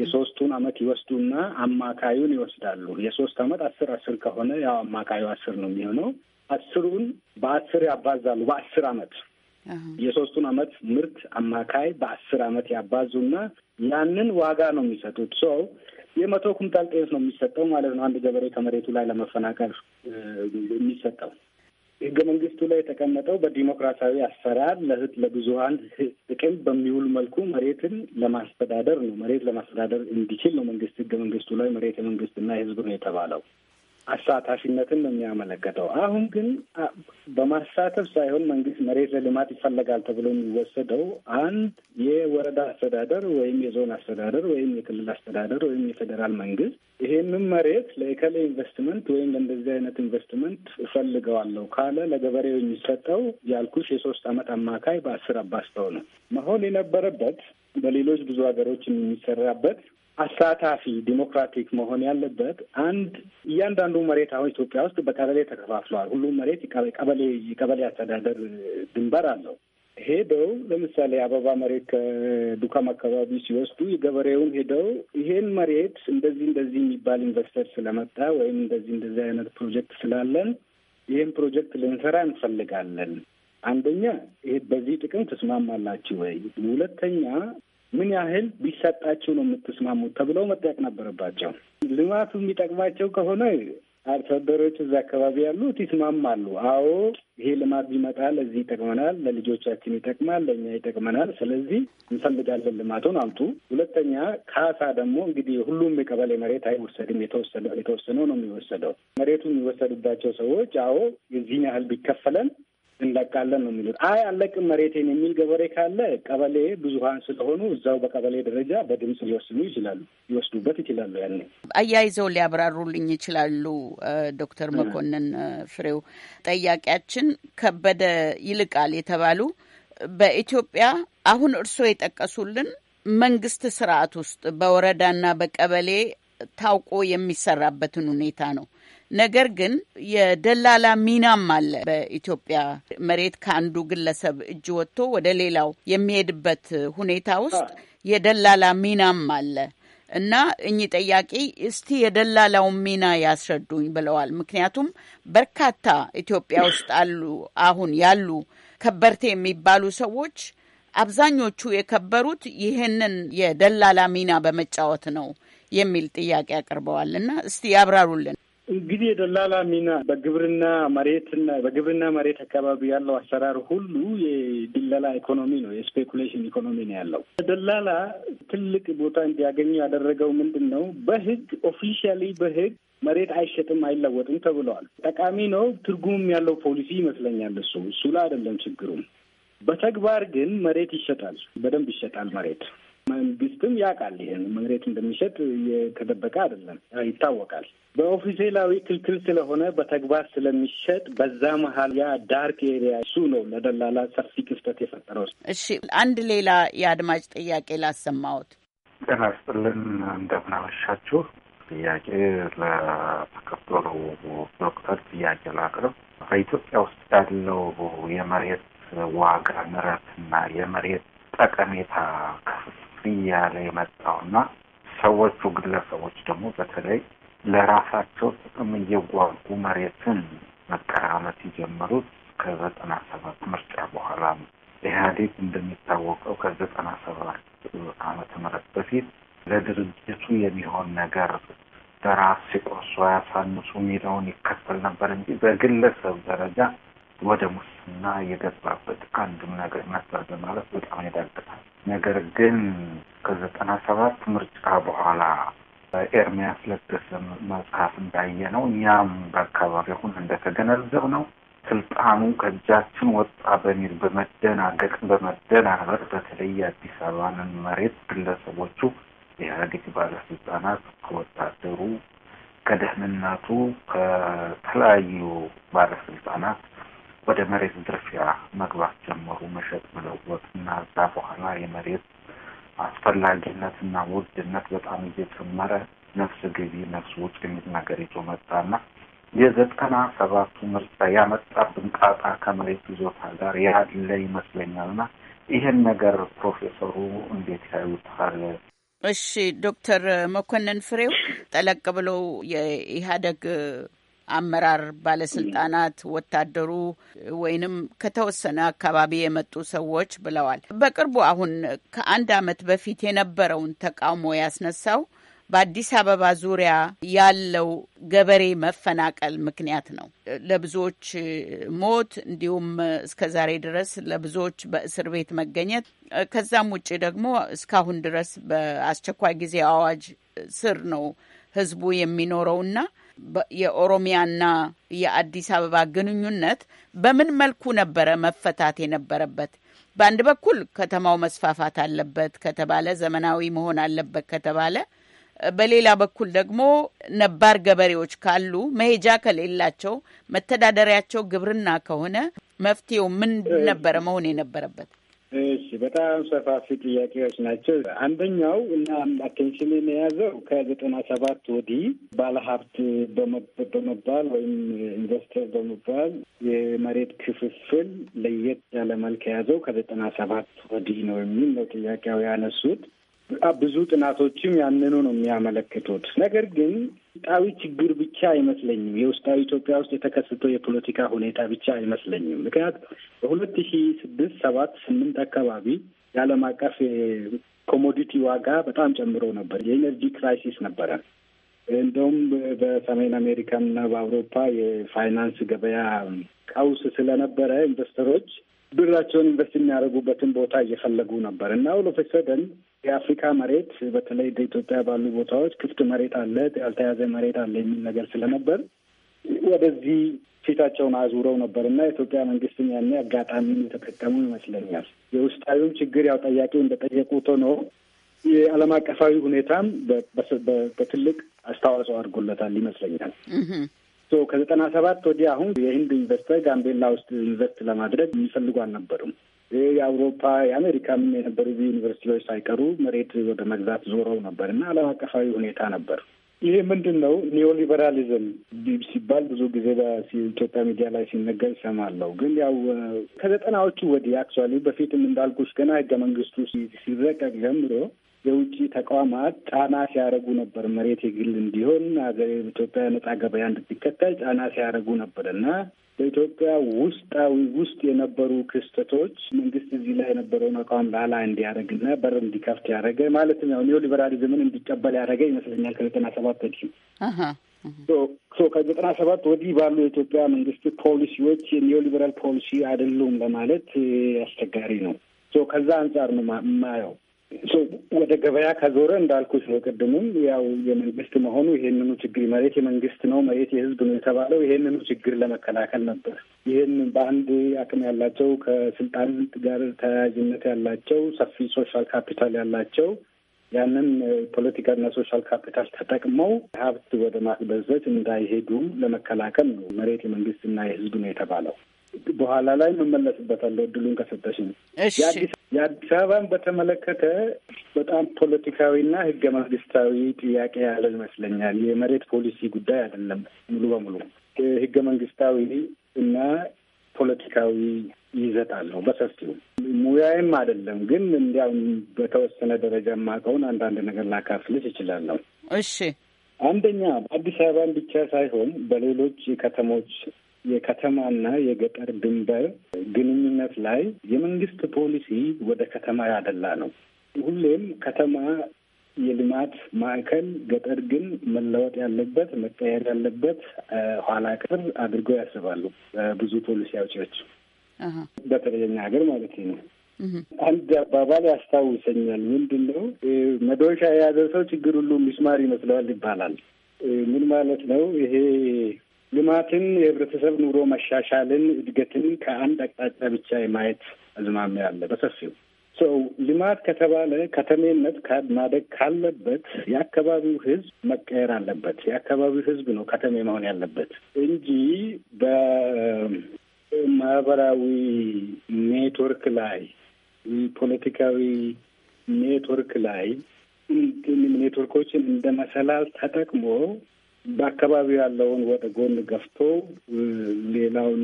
S1: የሶስቱን አመት ይወስዱና አማካዩን ይወስዳሉ። የሶስት አመት አስር አስር ከሆነ ያው አማካዩ አስር ነው የሚሆነው። አስሩን በአስር ያባዛሉ። በአስር ዓመት የሶስቱን ዓመት ምርት አማካይ በአስር ዓመት ያባዙና ያንን ዋጋ ነው የሚሰጡት ሰው የመቶ ኩንታል ጤፍ ነው የሚሰጠው ማለት ነው። አንድ ገበሬ ከመሬቱ ላይ ለመፈናቀል የሚሰጠው ህገ መንግስቱ ላይ የተቀመጠው በዲሞክራሲያዊ አሰራር ለህት ለብዙሀን ጥቅም በሚውል መልኩ መሬትን ለማስተዳደር ነው። መሬት ለማስተዳደር እንዲችል ነው መንግስት ህገ መንግስቱ ላይ መሬት የመንግስትና የህዝብ ነው የተባለው። አሳታፊነትን ነው የሚያመለከተው። አሁን ግን በማሳተፍ ሳይሆን መንግስት መሬት ለልማት ይፈለጋል ተብሎ የሚወሰደው አንድ የወረዳ አስተዳደር ወይም የዞን አስተዳደር ወይም የክልል አስተዳደር ወይም የፌዴራል መንግስት ይሄንም መሬት ለኢከለ ኢንቨስትመንት ወይም ለእንደዚህ አይነት ኢንቨስትመንት እፈልገዋለሁ ካለ ለገበሬው የሚሰጠው ያልኩሽ የሶስት አመት አማካይ በአስር አባስተው ነው መሆን የነበረበት። በሌሎች ብዙ ሀገሮች የሚሰራበት አሳታፊ ዲሞክራቲክ መሆን ያለበት አንድ እያንዳንዱ መሬት አሁን ኢትዮጵያ ውስጥ በቀበሌ ተከፋፍለዋል። ሁሉም መሬት ቀበሌ የቀበሌ አስተዳደር ድንበር አለው። ሄደው ለምሳሌ አበባ መሬት ከዱካም አካባቢ ሲወስዱ የገበሬውን ሄደው ይሄን መሬት እንደዚህ እንደዚህ የሚባል ኢንቨስተር ስለመጣ ወይም እንደዚህ እንደዚህ አይነት ፕሮጀክት ስላለን ይህን ፕሮጀክት ልንሰራ እንፈልጋለን። አንደኛ ይህ በዚህ ጥቅም ትስማማላችሁ ወይ? ሁለተኛ ምን ያህል ቢሰጣቸው ነው የምትስማሙት ተብለው መጠየቅ ነበረባቸው። ልማቱ የሚጠቅማቸው ከሆነ አርሶ አደሮች እዛ አካባቢ ያሉት ይስማማሉ። አዎ ይሄ ልማት ቢመጣ ለዚህ ይጠቅመናል፣ ለልጆቻችን ይጠቅማል፣ ለእኛ ይጠቅመናል። ስለዚህ እንፈልጋለን፣ ልማቱን አምጡ። ሁለተኛ ካሳ ደግሞ እንግዲህ ሁሉም የቀበሌ መሬት አይወሰድም፣ የተወሰነው ነው የሚወሰደው። መሬቱ የሚወሰድባቸው ሰዎች አዎ የዚህን ያህል ቢከፈለን እንለቃለን ነው የሚሉት። አይ አለቅም መሬቴን የሚል ገበሬ ካለ ቀበሌ ብዙሀን ስለሆኑ እዛው በቀበሌ ደረጃ በድምፅ ሊወስኑ ይችላሉ፣ ሊወስዱበት ይችላሉ። ያን
S5: አያይዘው ሊያብራሩልኝ ይችላሉ። ዶክተር መኮንን ፍሬው ጠያቂያችን ከበደ ይልቃል የተባሉ በኢትዮጵያ አሁን እርስዎ የጠቀሱልን መንግስት ስርዓት ውስጥ በወረዳና በቀበሌ ታውቆ የሚሰራበትን ሁኔታ ነው ነገር ግን የደላላ ሚናም አለ። በኢትዮጵያ መሬት ከአንዱ ግለሰብ እጅ ወጥቶ ወደ ሌላው የሚሄድበት ሁኔታ ውስጥ የደላላ ሚናም አለ እና እኚህ ጠያቂ እስቲ የደላላውን ሚና ያስረዱኝ ብለዋል። ምክንያቱም በርካታ ኢትዮጵያ ውስጥ አሉ አሁን ያሉ ከበርቴ የሚባሉ ሰዎች አብዛኞቹ የከበሩት ይህንን የደላላ ሚና በመጫወት ነው የሚል ጥያቄ አቅርበዋል እና እስቲ ያብራሩልን።
S1: እንግዲህ የደላላ ሚና በግብርና መሬትና በግብርና መሬት አካባቢ ያለው አሰራር ሁሉ የድለላ ኢኮኖሚ ነው፣ የስፔኩሌሽን ኢኮኖሚ ነው ያለው። ደላላ ትልቅ ቦታ እንዲያገኙ ያደረገው ምንድን ነው? በህግ ኦፊሻሊ በህግ መሬት አይሸጥም አይለወጥም ተብለዋል። ጠቃሚ ነው፣ ትርጉሙም ያለው ፖሊሲ ይመስለኛል። እሱ እሱ ላይ አይደለም ችግሩም። በተግባር ግን መሬት ይሸጣል፣ በደንብ ይሸጣል መሬት መንግስትም ያውቃል። ይሄን መሬት እንደሚሸጥ የተደበቀ አይደለም፣ ይታወቃል። በኦፊሴላዊ ክልክል ስለሆነ በተግባር ስለሚሸጥ በዛ መሀል ያ ዳርክ ኤሪያ እሱ
S5: ነው ለደላላ ሰፊ ክፍተት የፈጠረው። እሺ፣ አንድ ሌላ የአድማጭ ጥያቄ ላሰማሁት።
S4: ጤና እንደምናመሻችሁ። ጥያቄ ለተከበሩ ዶክተር ጥያቄ ላቅርብ። በኢትዮጵያ ውስጥ ያለው የመሬት ዋጋ ንረትና የመሬት ጠቀሜታ ክፍል እያለ የመጣውና ሰዎቹ ግለሰቦች ደግሞ በተለይ ለራሳቸው ጥቅም እየጓጉ መሬትን መቀራመት የጀመሩት ከዘጠና ሰባት ምርጫ በኋላ ነው። ኢህአዴግ እንደሚታወቀው ከዘጠና ሰባት ዓመተ ምህረት በፊት ለድርጅቱ የሚሆን ነገር በራስ ሲቆርሱ አያሳንሱ የሚለውን ይከተል ነበር እንጂ በግለሰብ ደረጃ ወደ ሙስና የገባበት አንዱም ነገር ነበር በማለት በጣም ይዳግታል። ነገር ግን ከዘጠና ሰባት ምርጫ በኋላ ኤርሚያስ ለገሰ መጽሐፍ እንዳየ ነው እኛም በአካባቢ ሁን እንደተገነዘብ ነው ስልጣኑ ከእጃችን ወጣ በሚል በመደናገጥ በመደናበር በተለይ አዲስ አበባንን መሬት ግለሰቦቹ የኢህአዴግ ባለስልጣናት ከወታደሩ ከደህንነቱ ከተለያዩ ባለስልጣናት ወደ መሬት ዝርፊያ መግባት ጀመሩ። መሸጥ መለወጥ እና እዛ በኋላ የመሬት አስፈላጊነት እና ውድነት በጣም እየጨመረ ነፍስ ገቢ ነፍስ ውጭ የሚል ነገር ይዞ መጣና የዘጠና ሰባቱ ምርጫ ያመጣብን ጣጣ ከመሬት ይዞታ ጋር ያለ ይመስለኛልና ይህን ነገር ፕሮፌሰሩ እንዴት ያዩታል?
S5: እሺ ዶክተር መኮንን ፍሬው ጠለቅ ብሎ የኢህአዴግ አመራር ባለስልጣናት፣ ወታደሩ ወይንም ከተወሰነ አካባቢ የመጡ ሰዎች ብለዋል። በቅርቡ አሁን ከአንድ ዓመት በፊት የነበረውን ተቃውሞ ያስነሳው በአዲስ አበባ ዙሪያ ያለው ገበሬ መፈናቀል ምክንያት ነው። ለብዙዎች ሞት እንዲሁም እስከ ዛሬ ድረስ ለብዙዎች በእስር ቤት መገኘት ከዛም ውጭ ደግሞ እስካሁን ድረስ በአስቸኳይ ጊዜ አዋጅ ስር ነው ህዝቡ የሚኖረውና የኦሮሚያና የአዲስ አበባ ግንኙነት በምን መልኩ ነበረ መፈታት የነበረበት? በአንድ በኩል ከተማው መስፋፋት አለበት ከተባለ፣ ዘመናዊ መሆን አለበት ከተባለ፣ በሌላ በኩል ደግሞ ነባር ገበሬዎች ካሉ መሄጃ ከሌላቸው መተዳደሪያቸው ግብርና ከሆነ መፍትሄው ምን ነበረ መሆን የነበረበት?
S1: እሺ በጣም ሰፋፊ ጥያቄዎች ናቸው። አንደኛው እና አቴንሽንን የያዘው ከዘጠና ሰባት ወዲህ ባለሀብት በመባል ወይም ኢንቨስተር በመባል የመሬት ክፍፍል ለየት ያለ መልክ የያዘው ከዘጠና ሰባት ወዲህ ነው የሚል ነው ጥያቄው ያነሱት። ብዙ ጥናቶችም ያንኑ ነው የሚያመለክቱት። ነገር ግን ውስጣዊ ችግር ብቻ አይመስለኝም። የውስጣዊ ኢትዮጵያ ውስጥ የተከሰተው የፖለቲካ ሁኔታ ብቻ አይመስለኝም። ምክንያት በሁለት ሺ ስድስት ሰባት ስምንት አካባቢ የዓለም አቀፍ የኮሞዲቲ ዋጋ በጣም ጨምሮ ነበር። የኢነርጂ ክራይሲስ ነበረ። እንደውም በሰሜን አሜሪካ ና በአውሮፓ የፋይናንስ ገበያ ቀውስ ስለነበረ ኢንቨስተሮች ብራቸውን ኢንቨስት የሚያደርጉበትን ቦታ እየፈለጉ ነበር እና ኦል ኦፍ ሰደን የአፍሪካ መሬት በተለይ በኢትዮጵያ ባሉ ቦታዎች ክፍት መሬት አለ፣ ያልተያዘ መሬት አለ የሚል ነገር ስለነበር ወደዚህ ፊታቸውን አዙረው ነበር እና የኢትዮጵያ መንግስትም ያ አጋጣሚ የተጠቀሙ ይመስለኛል። የውስጣዊም ችግር ያው ጠያቂው እንደጠየቁት ሆኖ የዓለም አቀፋዊ ሁኔታም በትልቅ አስተዋጽኦ አድርጎለታል ይመስለኛል። ከዘጠና ሰባት ወዲህ አሁን የህንድ ኢንቨስተር ጋምቤላ ውስጥ ኢንቨስት ለማድረግ የሚፈልጉ አልነበሩም። የአውሮፓ የአሜሪካም የነበሩ ዩኒቨርሲቲዎች ሳይቀሩ መሬት ወደ መግዛት ዞረው ነበር እና ዓለም አቀፋዊ ሁኔታ ነበር። ይሄ ምንድን ነው? ኒዮሊበራሊዝም ሲባል ብዙ ጊዜ በኢትዮጵያ ሚዲያ ላይ ሲነገር ይሰማለሁ። ግን ያው ከዘጠናዎቹ ወዲህ አክቹዋሊ በፊትም እንዳልኩሽ ገና ህገ መንግስቱ ሲረቀቅ ጀምሮ የውጭ ተቋማት ጫና ሲያደርጉ ነበር። መሬት የግል እንዲሆን ሀገሬ ኢትዮጵያ ነጻ ገበያ እንድትከተል ጫና ሲያደርጉ ነበር እና በኢትዮጵያ ውስጣዊ ውስጥ የነበሩ ክስተቶች መንግስት እዚህ ላይ የነበረውን አቋም ላላ እንዲያደርግና በር እንዲከፍት ያደረገ ማለትም ያው ኒዮሊበራሊዝምን እንዲቀበል ያደረገ ይመስለኛል ከዘጠና ሰባት ወዲህ ከዘጠና ሰባት ወዲህ ባሉ የኢትዮጵያ መንግስት ፖሊሲዎች የኒዮሊበራል ፖሊሲ አይደሉም ለማለት አስቸጋሪ ነው። ከዛ አንጻር ነው የማየው። ወደ ገበያ ከዞረ እንዳልኩት ነው። ቅድሙም ያው የመንግስት መሆኑ ይሄንኑ ችግር መሬት የመንግስት ነው መሬት የህዝብ ነው የተባለው ይሄንኑ ችግር ለመከላከል ነበር። ይህን በአንድ አቅም ያላቸው ከስልጣን ጋር ተያያዥነት ያላቸው ሰፊ ሶሻል ካፒታል ያላቸው ያንን ፖለቲካና ሶሻል ካፒታል ተጠቅመው ሀብት ወደ ማስበዘት እንዳይሄዱ ለመከላከል ነው መሬት የመንግስትና የህዝብ ነው የተባለው። በኋላ ላይ የምመለስበታለሁ እድሉን ከሰጠሽን። የአዲስ አበባን በተመለከተ በጣም ፖለቲካዊና ህገ መንግስታዊ ጥያቄ ያለ ይመስለኛል። የመሬት ፖሊሲ ጉዳይ አይደለም። ሙሉ በሙሉ ህገ መንግስታዊ እና ፖለቲካዊ ይዘት አለው በሰፊው። ሙያዬም አይደለም ግን እንዲያው በተወሰነ ደረጃ የማውቀውን አንዳንድ ነገር ላካፍልሽ እችላለሁ። እሺ፣ አንደኛ በአዲስ አበባን ብቻ ሳይሆን በሌሎች ከተሞች የከተማና የገጠር ድንበር ግንኙነት ላይ የመንግስት ፖሊሲ ወደ ከተማ ያደላ ነው። ሁሌም ከተማ የልማት ማዕከል፣ ገጠር ግን መለወጥ ያለበት መቀየር ያለበት ኋላ ቀር አድርገው ያስባሉ ብዙ ፖሊሲ አውጪዎች፣ በተለየኛ ሀገር ማለት ነው። አንድ አባባል ያስታውሰኛል። ምንድን ነው መዶሻ የያዘ ሰው ችግር ሁሉ ሚስማር ይመስለዋል ይባላል። ምን ማለት ነው ይሄ? ልማትን፣ የህብረተሰብ ኑሮ መሻሻልን፣ እድገትን ከአንድ አቅጣጫ ብቻ የማየት አዝማሚያ አለ በሰፊው ሰው ልማት ከተባለ ከተሜነት ማደግ ካለበት የአካባቢው ህዝብ መቀየር አለበት። የአካባቢው ህዝብ ነው ከተሜ መሆን ያለበት እንጂ በማህበራዊ ኔትወርክ ላይ ፖለቲካዊ ኔትወርክ ላይ ኔትወርኮችን እንደ መሰላል ተጠቅሞ በአካባቢው ያለውን ወደ ጎን ገፍቶ ሌላውን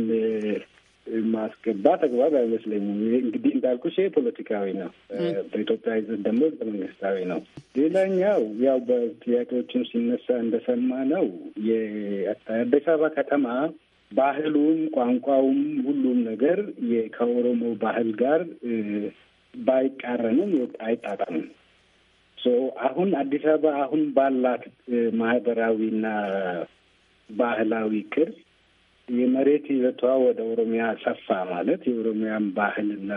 S1: ማስገባት አግባብ አይመስለኝም። እንግዲህ እንዳልኩሽ ፖለቲካዊ ነው፣ በኢትዮጵያ ሕዝብ ደግሞ መንግስታዊ ነው። ሌላኛው ያው በጥያቄዎችም ሲነሳ እንደሰማ ነው የአዲስ አበባ ከተማ ባህሉም ቋንቋውም ሁሉም ነገር ከኦሮሞ ባህል ጋር ባይቃረንም አይጣጣምም። አሁን አዲስ አበባ አሁን ባላት ማህበራዊና ባህላዊ ክር የመሬት ይዘቷ ወደ ኦሮሚያ ሰፋ ማለት የኦሮሚያን ባህልና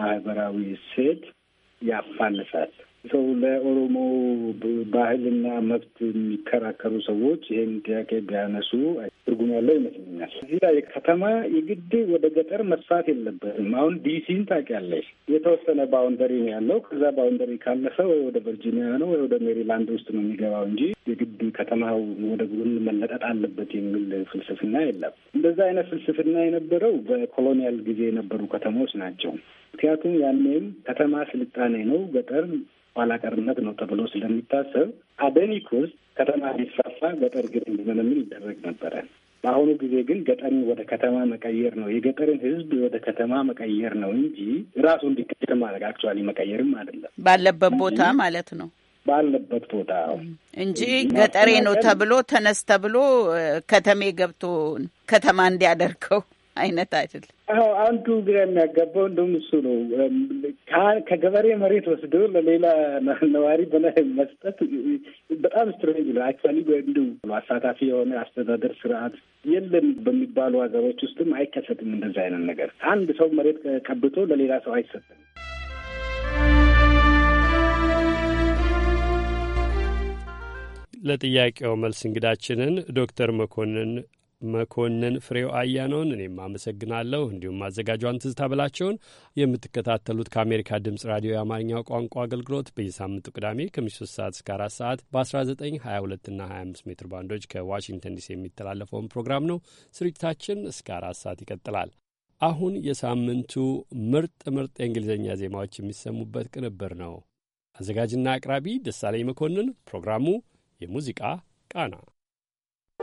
S1: ማህበራዊ ሴት ያፋልሳል። ሰው ለኦሮሞ ባህልና መብት የሚከራከሩ ሰዎች ይህን ጥያቄ ቢያነሱ ትርጉም ያለው ይመስለኛል። እዚህ ላይ ከተማ የግድ ወደ ገጠር መስፋት የለበትም። አሁን ዲሲን ታውቂያለሽ፣ የተወሰነ ባውንደሪ ነው ያለው። ከዛ ባውንደሪ ካለፈ ወይ ወደ ቨርጂኒያ ነው ወይ ወደ ሜሪላንድ ውስጥ ነው የሚገባው እንጂ የግድ ከተማው ወደ ጎን መለጠጥ አለበት የሚል ፍልስፍና የለም። እንደዛ አይነት ፍልስፍና የነበረው በኮሎኒያል ጊዜ የነበሩ ከተሞች ናቸው። ምክንያቱም ያኔም ከተማ ስልጣኔ ነው፣ ገጠር ኋላቀርነት ነው ተብሎ ስለሚታሰብ አደኒኩስ ከተማ ሊስፋፋ ገጠር ግን እንዲመለምል ይደረግ ነበረ። በአሁኑ ጊዜ ግን ገጠርን ወደ ከተማ መቀየር ነው የገጠርን ሕዝብ ወደ ከተማ
S5: መቀየር ነው እንጂ ራሱ እንዲቀየር ማድረግ አክቹዋሊ መቀየርም አይደለም። ባለበት ቦታ ማለት ነው ባለበት ቦታ እንጂ ገጠሬ ነው ተብሎ ተነስ ተብሎ ከተሜ ገብቶ ከተማ እንዲያደርገው አይነት አይደል?
S1: አዎ አንዱ ግራ የሚያጋባው እንደውም እሱ ነው። ከገበሬ መሬት ወስዶ ለሌላ ነዋሪ በላ መስጠት በጣም ስትሬንጅ ነው። አክቹዋሊ እንዲሁ አሳታፊ የሆነ አስተዳደር ስርዓት የለም በሚባሉ ሀገሮች ውስጥም አይከሰትም እንደዚህ አይነት ነገር። አንድ ሰው መሬት ቀብቶ ለሌላ ሰው አይሰጥም።
S2: ለጥያቄው መልስ እንግዳችንን ዶክተር መኮንን መኮንን ፍሬው አያነውን እኔም አመሰግናለሁ። እንዲሁም አዘጋጇን ትዝታ ብላቸውን የምትከታተሉት ከአሜሪካ ድምፅ ራዲዮ የአማርኛው ቋንቋ አገልግሎት በየሳምንቱ ቅዳሜ ከምሽቱ 3 ሰዓት እስከ 4 ሰዓት በ1922 እና 25 ሜትር ባንዶች ከዋሽንግተን ዲሲ የሚተላለፈውን ፕሮግራም ነው። ስርጭታችን እስከ 4 ሰዓት ይቀጥላል። አሁን የሳምንቱ ምርጥ ምርጥ የእንግሊዝኛ ዜማዎች የሚሰሙበት ቅንብር ነው። አዘጋጅና አቅራቢ ደሳለኝ መኮንን። ፕሮግራሙ የሙዚቃ ቃና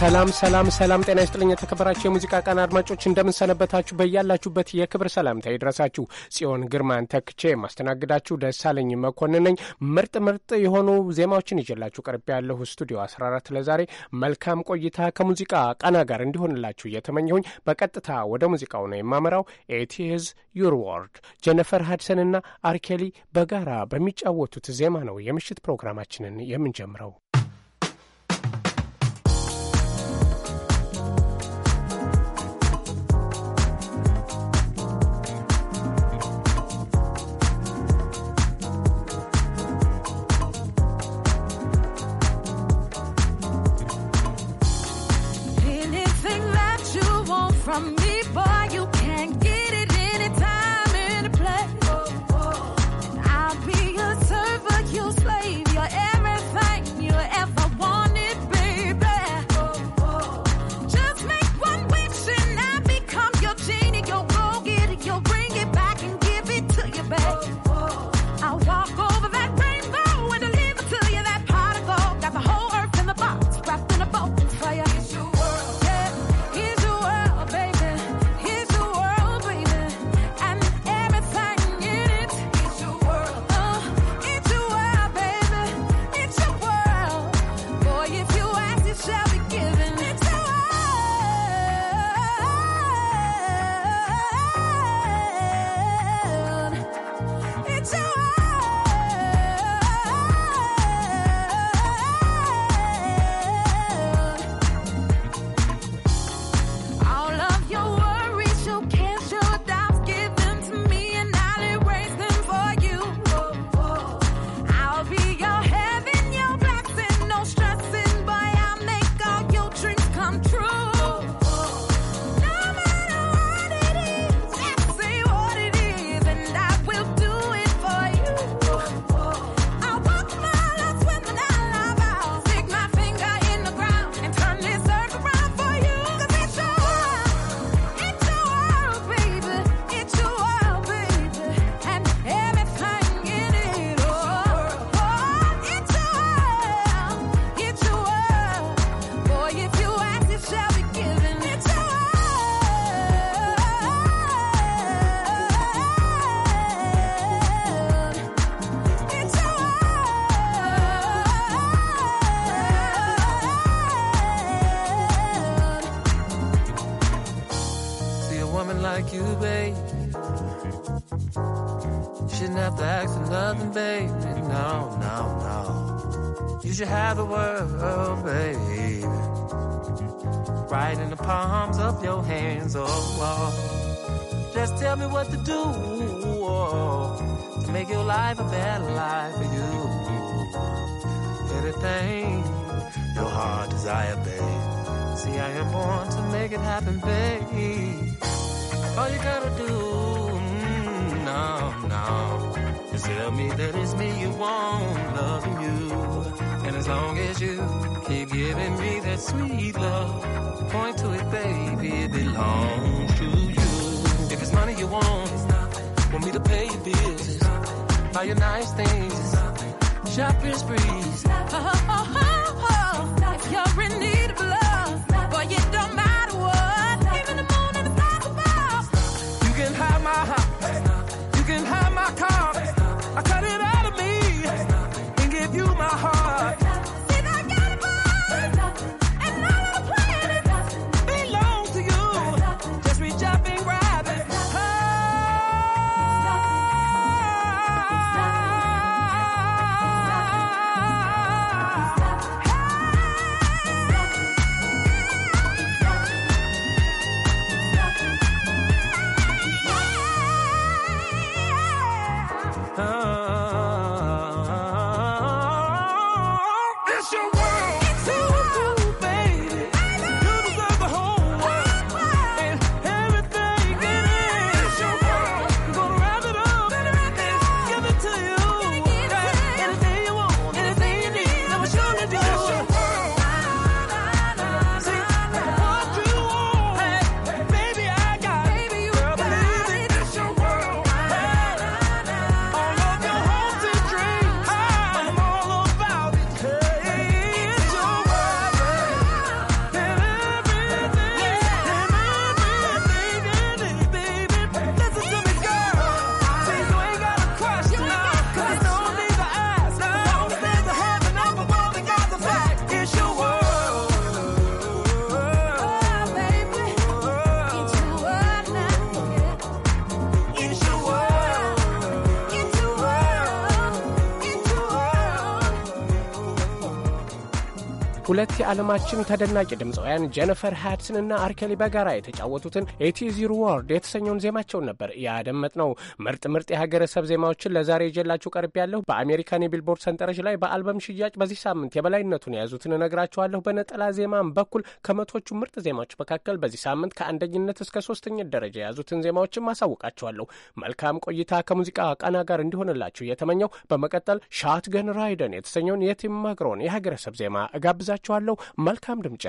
S6: ሰላም ሰላም ሰላም፣ ጤና ይስጥልኝ የተከበራችሁ የሙዚቃ ቃና አድማጮች እንደምንሰነበታችሁ፣ በያላችሁበት የክብር ሰላምታ ይድረሳችሁ። ጽዮን ግርማን ተክቼ ማስተናግዳችሁ ደሳለኝ መኮንን ነኝ። ምርጥ ምርጥ የሆኑ ዜማዎችን ይዤላችሁ ቀርቤ ያለሁ ስቱዲዮ 14 ለዛሬ መልካም ቆይታ ከሙዚቃ ቃና ጋር እንዲሆንላችሁ እየተመኘሁኝ በቀጥታ ወደ ሙዚቃው ነው የማመራው። ኤቲዝ ዩር ወርድ ጀነፈር ሃድሰንና አርኬሊ በጋራ በሚጫወቱት ዜማ ነው የምሽት ፕሮግራማችንን የምንጀምረው።
S7: should have the world, baby. Right in the palms of your hands, oh, oh. Just tell me what to do oh, to make your life a better life for you. Anything your heart desire, babe. See, I am born to make it happen, babe. All you gotta do Tell me that it's me you want, loving you. And as long as you keep giving me that sweet love, point to it, baby, it
S8: belongs to you. If it's money you want, want me to pay your bills, buy you nice things, shopping sprees. Oh, oh,
S9: oh, oh. If you're in
S6: ሁለት የዓለማችን ተደናቂ ድምፃውያን ጀነፈር ሃድስን እና አርኬሊ በጋራ የተጫወቱትን ኤቲዚ ዋርድ የተሰኘውን ዜማቸውን ነበር ያደመጥ ነው። ምርጥ ምርጥ የሀገረሰብ ዜማዎችን ለዛሬ ይዤላችሁ ቀርብ ያለሁ። በአሜሪካን የቢልቦርድ ሰንጠረዥ ላይ በአልበም ሽያጭ በዚህ ሳምንት የበላይነቱን የያዙትን እነግራችኋለሁ። በነጠላ ዜማም በኩል ከመቶቹ ምርጥ ዜማዎች መካከል በዚህ ሳምንት ከአንደኝነት እስከ ሶስተኝነት ደረጃ የያዙትን ዜማዎችን ማሳወቃችኋለሁ። መልካም ቆይታ ከሙዚቃ ቃና ጋር እንዲሆንላችሁ እየተመኘው በመቀጠል ሻትገን ራይደን የተሰኘውን የቲም ማግሮን የሀገረሰብ ዜማ እጋብዛ እመኝላችኋለሁ። መልካም ድምጫ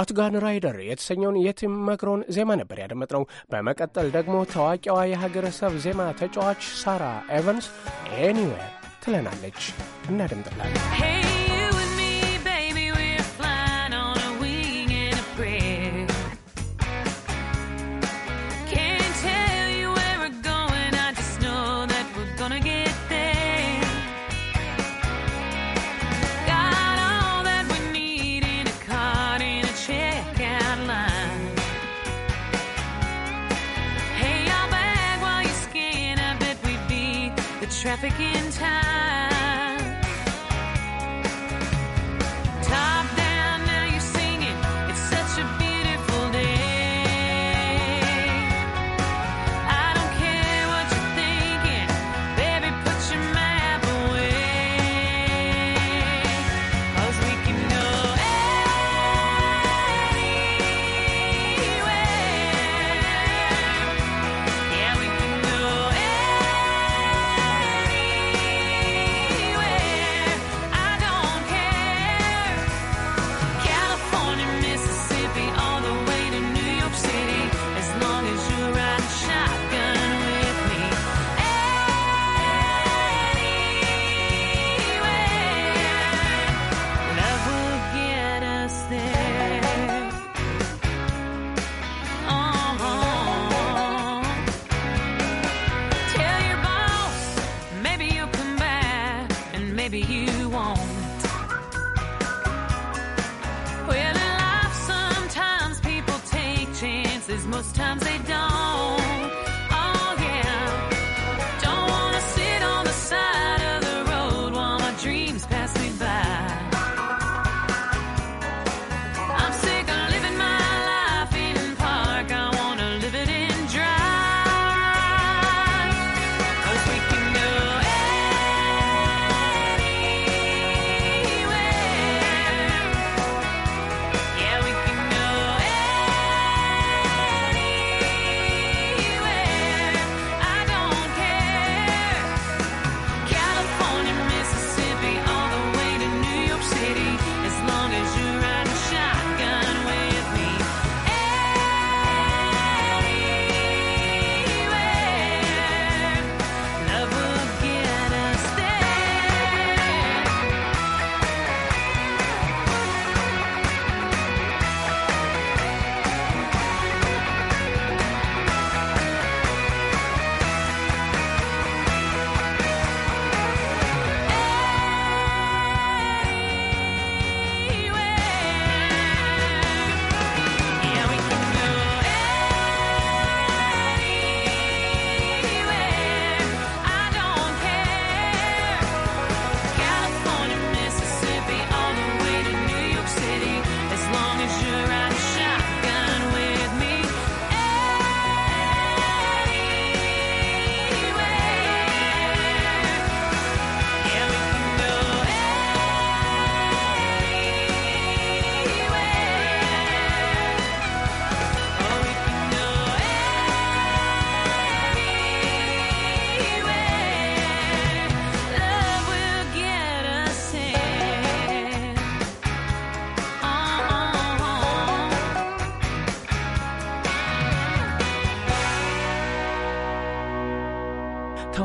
S6: አውትጋን ራይደር የተሰኘውን የቲም መክሮን ዜማ ነበር ያደመጥነው። በመቀጠል ደግሞ ታዋቂዋ የሀገረሰብ ዜማ ተጫዋች ሳራ ኤቨንስ ኤኒዌር ትለናለች። እናደምጥላለን።
S10: traffic in time.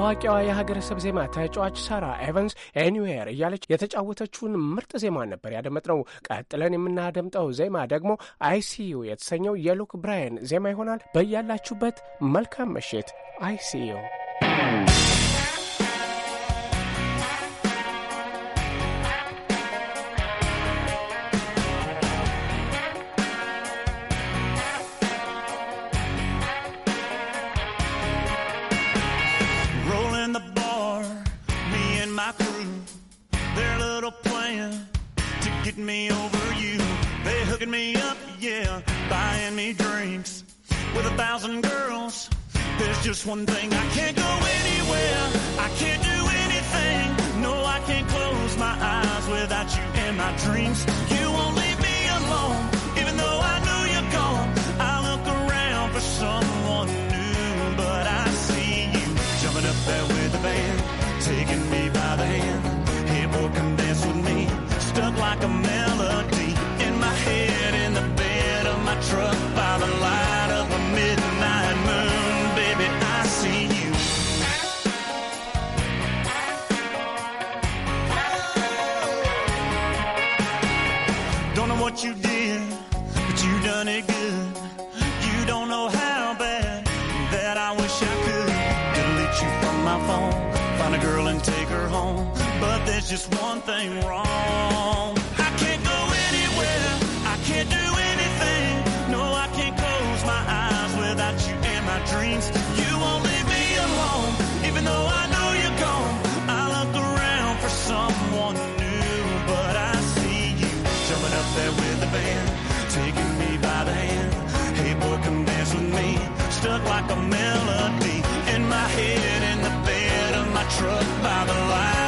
S6: ታዋቂዋ የሀገረሰብ ዜማ ተጫዋች ሳራ ኤቨንስ ኤኒዌር እያለች የተጫወተችውን ምርጥ ዜማ ነበር ያደመጥነው። ቀጥለን የምናደምጠው ዜማ ደግሞ አይሲዩ የተሰኘው የሉክ ብራየን ዜማ ይሆናል። በያላችሁበት መልካም ምሽት። አይሲዩ
S11: to get me over you. They hooking me up, yeah, buying me drinks with a thousand girls. There's just one thing I can't go anywhere. I can't do anything. No, I can't close my eyes without you in my dreams. You won't leave. just one thing wrong. I can't go anywhere, I can't do anything. No, I can't close my eyes without you in my dreams. You won't leave me alone, even though I know you're gone. I look around for someone new, but I see you jumping up there with the band, taking me by the hand. Hey boy, come dance with me, stuck like a melody in my head in the bed of my truck by the light.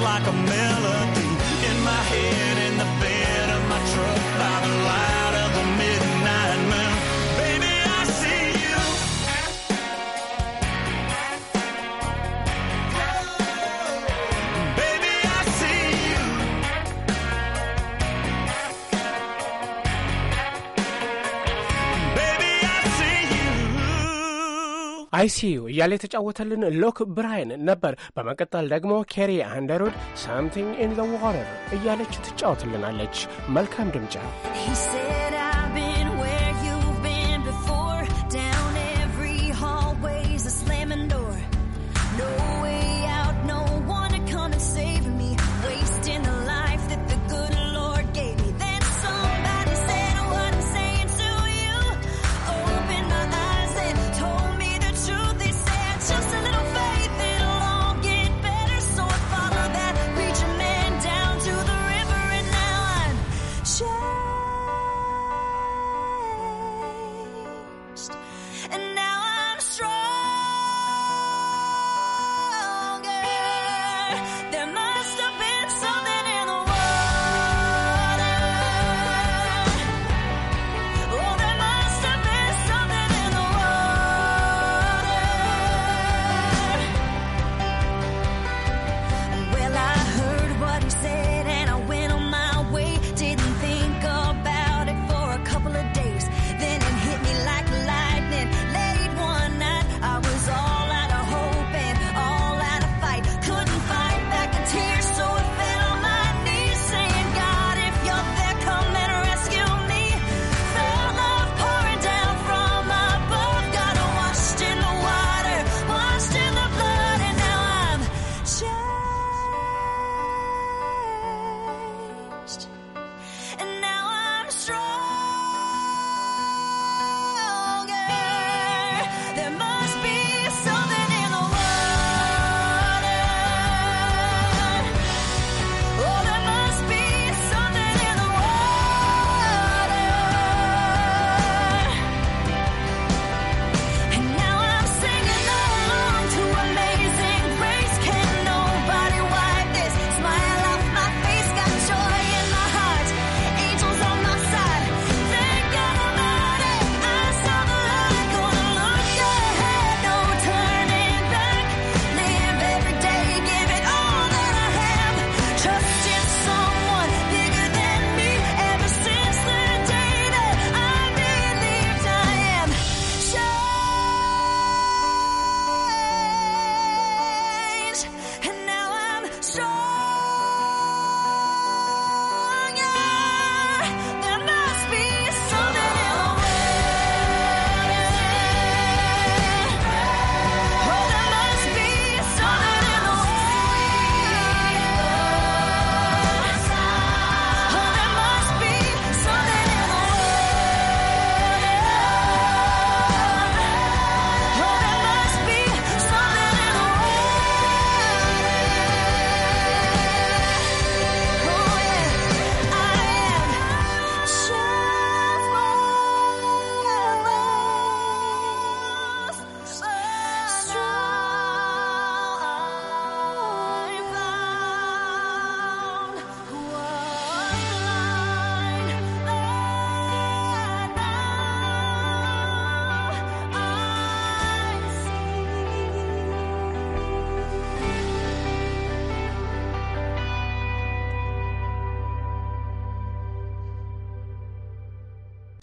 S11: like a melody in my head.
S6: አይሲዩ እያለ የተጫወተልን ሎክ ብራይን ነበር። በመቀጠል ደግሞ ኬሪ አንደርውድ ሳምቲንግ ኢን ዘ ዋተር እያለች ትጫወትልናለች። መልካም ድምጫ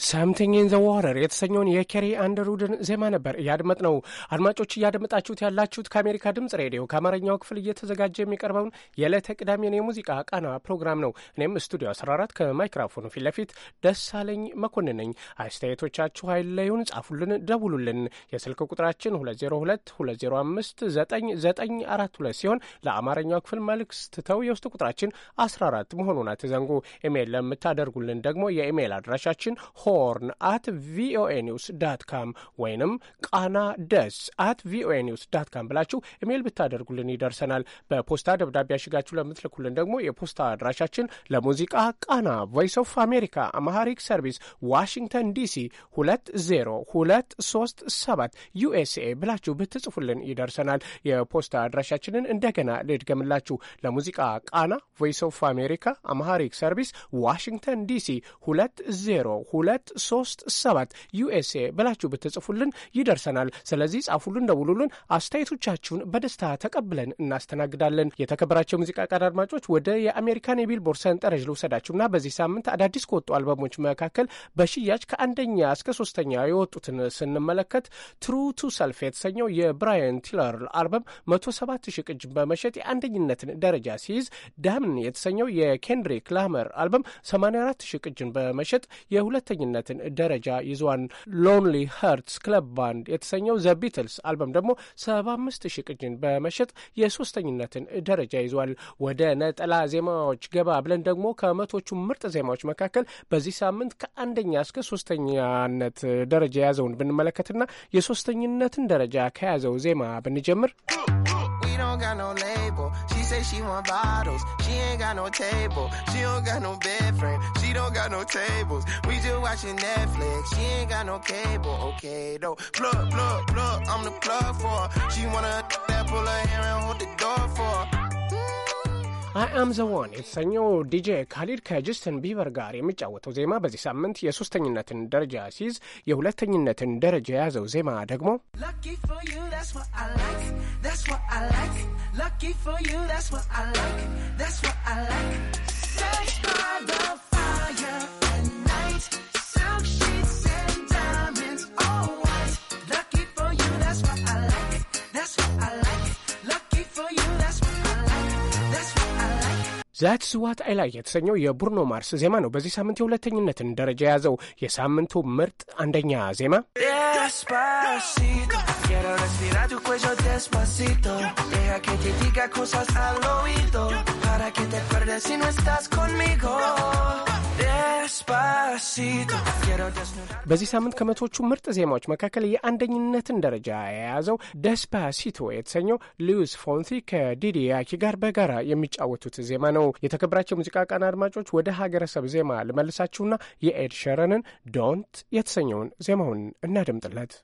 S6: ሳምቲንግ ኢን ዘ ዋተር የተሰኘውን የኬሪ አንደርውድን ዜማ ነበር እያድመጥ ነው። አድማጮች እያደመጣችሁት ያላችሁት ከአሜሪካ ድምጽ ሬዲዮ ከአማርኛው ክፍል እየተዘጋጀ የሚቀርበውን የዕለተ ቅዳሜን የሙዚቃ ቃና ፕሮግራም ነው። እኔም ስቱዲዮ 14 ከማይክሮፎኑ ፊት ለፊት ደሳለኝ መኮንን ነኝ። አስተያየቶቻችሁ አይለዩን፣ ጻፉልን፣ ደውሉልን። የስልክ ቁጥራችን 2022059942 ሲሆን ለአማርኛው ክፍል መልክስ ስትተው የውስጥ ቁጥራችን 14 መሆኑን አትዘንጉ። ኢሜይል ለምታደርጉልን ደግሞ የኢሜይል አድራሻችን ሆ ሆርን አት ቪኦኤ ኒውስ ዳት ካም ወይንም ቃና ደስ አት ቪኦኤ ኒውስ ዳት ካም ብላችሁ ኢሜይል ብታደርጉልን ይደርሰናል። በፖስታ ደብዳቤ ያሽጋችሁ ለምትልኩልን ደግሞ የፖስታ አድራሻችን ለሙዚቃ ቃና ቮይስ ኦፍ አሜሪካ አማሃሪክ ሰርቪስ ዋሽንግተን ዲሲ ሁለት ሰባት ዩኤስኤ ብላችሁ ብትጽፉልን ይደርሰናል። የፖስታ አድራሻችንን እንደገና ልድገምላችሁ። ለሙዚቃ ቃና ቮይስ ኦፍ አሜሪካ አማሃሪክ ሰርቪስ ዋሽንግተን ዲሲ ሁለት ሶስት ሰባት ዩኤስኤ ብላችሁ ብትጽፉልን ይደርሰናል። ስለዚህ ጻፉልን፣ ደውሉልን። አስተያየቶቻችሁን በደስታ ተቀብለን እናስተናግዳለን። የተከበራቸው የሙዚቃ ቃድ አድማጮች ወደ የአሜሪካን የቢልቦርድ ሰንጠረዥ ልውሰዳችሁና በዚህ ሳምንት አዳዲስ ከወጡ አልበሞች መካከል በሽያጭ ከአንደኛ እስከ ሶስተኛ የወጡትን ስንመለከት ትሩ ቱ ሰልፍ የተሰኘው የብራያን ቲለር አልበም ሰባት ሺ ቅጅ በመሸጥ የአንደኝነትን ደረጃ ሲይዝ፣ ዳምን የተሰኘው የኬንድሪክ ላመር አልበም አራት ሺ ቅጅን በመሸጥ የሁለተኝነት የበላይነትን ደረጃ ይዟል። ሎንሊ ሀርትስ ክለብ ባንድ የተሰኘው ዘ ቢትልስ አልበም ደግሞ ሰባ አምስት ሺ ቅጅን በመሸጥ የሶስተኝነትን ደረጃ ይዟል። ወደ ነጠላ ዜማዎች ገባ ብለን ደግሞ ከመቶቹ ምርጥ ዜማዎች መካከል በዚህ ሳምንት ከአንደኛ እስከ ሶስተኛነት ደረጃ የያዘውን ብንመለከትና የሶስተኝነትን ደረጃ ከያዘው ዜማ ብንጀምር
S3: say she want bottles. She ain't got no table. She don't got no bed frame. She don't got no tables. We just watching Netflix. She ain't got no cable. Okay, though.
S9: Plug, plug, plug. I'm the plug for her. She wanna that pull her hair and hold the door for
S6: her. አይ አም ዘ ዋን የተሰኘው ዲጄ ካሊድ ከጀስትን ቢበር ጋር የሚጫወተው ዜማ በዚህ ሳምንት የሶስተኝነትን ደረጃ ሲይዝ፣ የሁለተኝነትን ደረጃ የያዘው ዜማ ደግሞ
S8: Lucky for you, that's what I like. That's what I like.
S6: ዛትስ ዋት አይ ላይ የተሰኘው የቡርኖ ማርስ ዜማ ነው በዚህ ሳምንት የሁለተኝነትን ደረጃ የያዘው የሳምንቱ ምርጥ አንደኛ ዜማ
S8: Despacito
S6: በዚህ ሳምንት ከመቶዎቹ ምርጥ ዜማዎች መካከል የአንደኝነትን ደረጃ የያዘው ደስፓሲቶ የተሰኘው ሉዊስ ፎንቲ ከዲዲ ያኪ ጋር በጋራ የሚጫወቱት ዜማ ነው። የተከበራቸው የሙዚቃ ቃና አድማጮች፣ ወደ ሀገረሰብ ዜማ ልመልሳችሁና የኤድ ሸረንን ዶንት የተሰኘውን ዜማውን እናደምጥለት።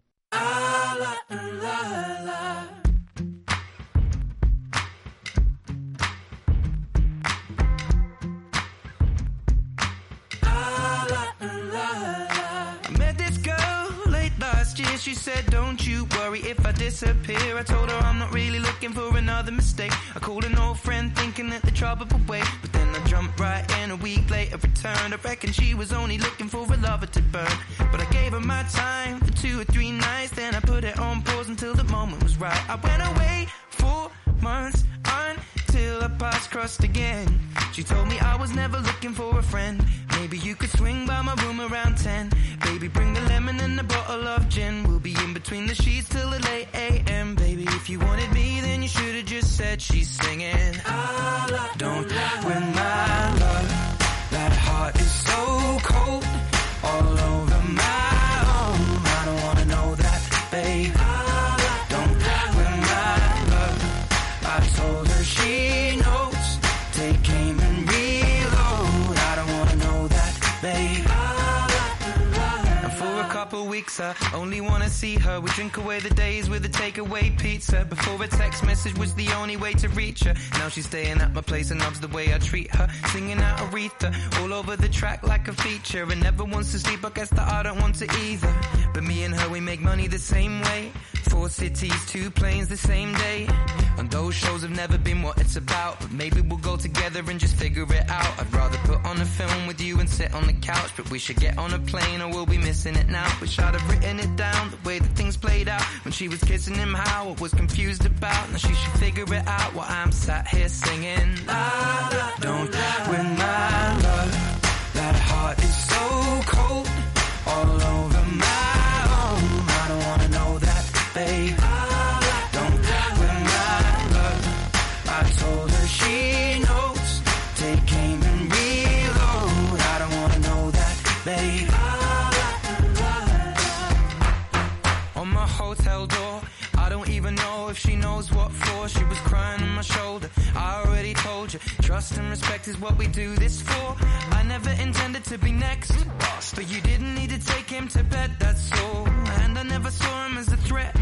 S12: said, don't you worry if I disappear. I told her I'm not really looking for another mistake. I called an old friend thinking that the trouble would wait. But then I jumped right in a week later, returned. I reckon she was only looking for a lover to burn. But I gave her my time for two or three nights. Then I put it on pause until the moment was right. I went away for months till our paths crossed again. She told me I was never looking for a friend. Maybe you could swing by my room around 10. Baby, bring the lemon and a bottle of gin. We'll be in between the sheets till the late AM. Baby, if you wanted me, then you should have just said she's singing. I Don't laugh when my love, that heart is
S8: so cold all over.
S12: I only wanna see her. We drink away the days with a takeaway pizza. Before a text message was the only way to reach her. Now she's staying at my place and loves the way I treat her. Singing out Aretha all over the track like a feature. And never wants to sleep, I guess that I don't want to either. But me and her, we make money the same way. Four cities, two planes the same day. And those shows have never been what it's about. But maybe we'll go together and just figure it out. I'd rather put on a film with you and sit on the couch. But we should get on a plane or we'll be missing it now. Wish I'd have written it down, the way that things played out. When she was kissing him, how I was confused about. Now she should figure it out while I'm sat here singing. La, la, don't lie with my love. Trust and respect is what we do this for. I never intended to be next. But you didn't need to take him to bed, that's all. And I never saw him as a threat.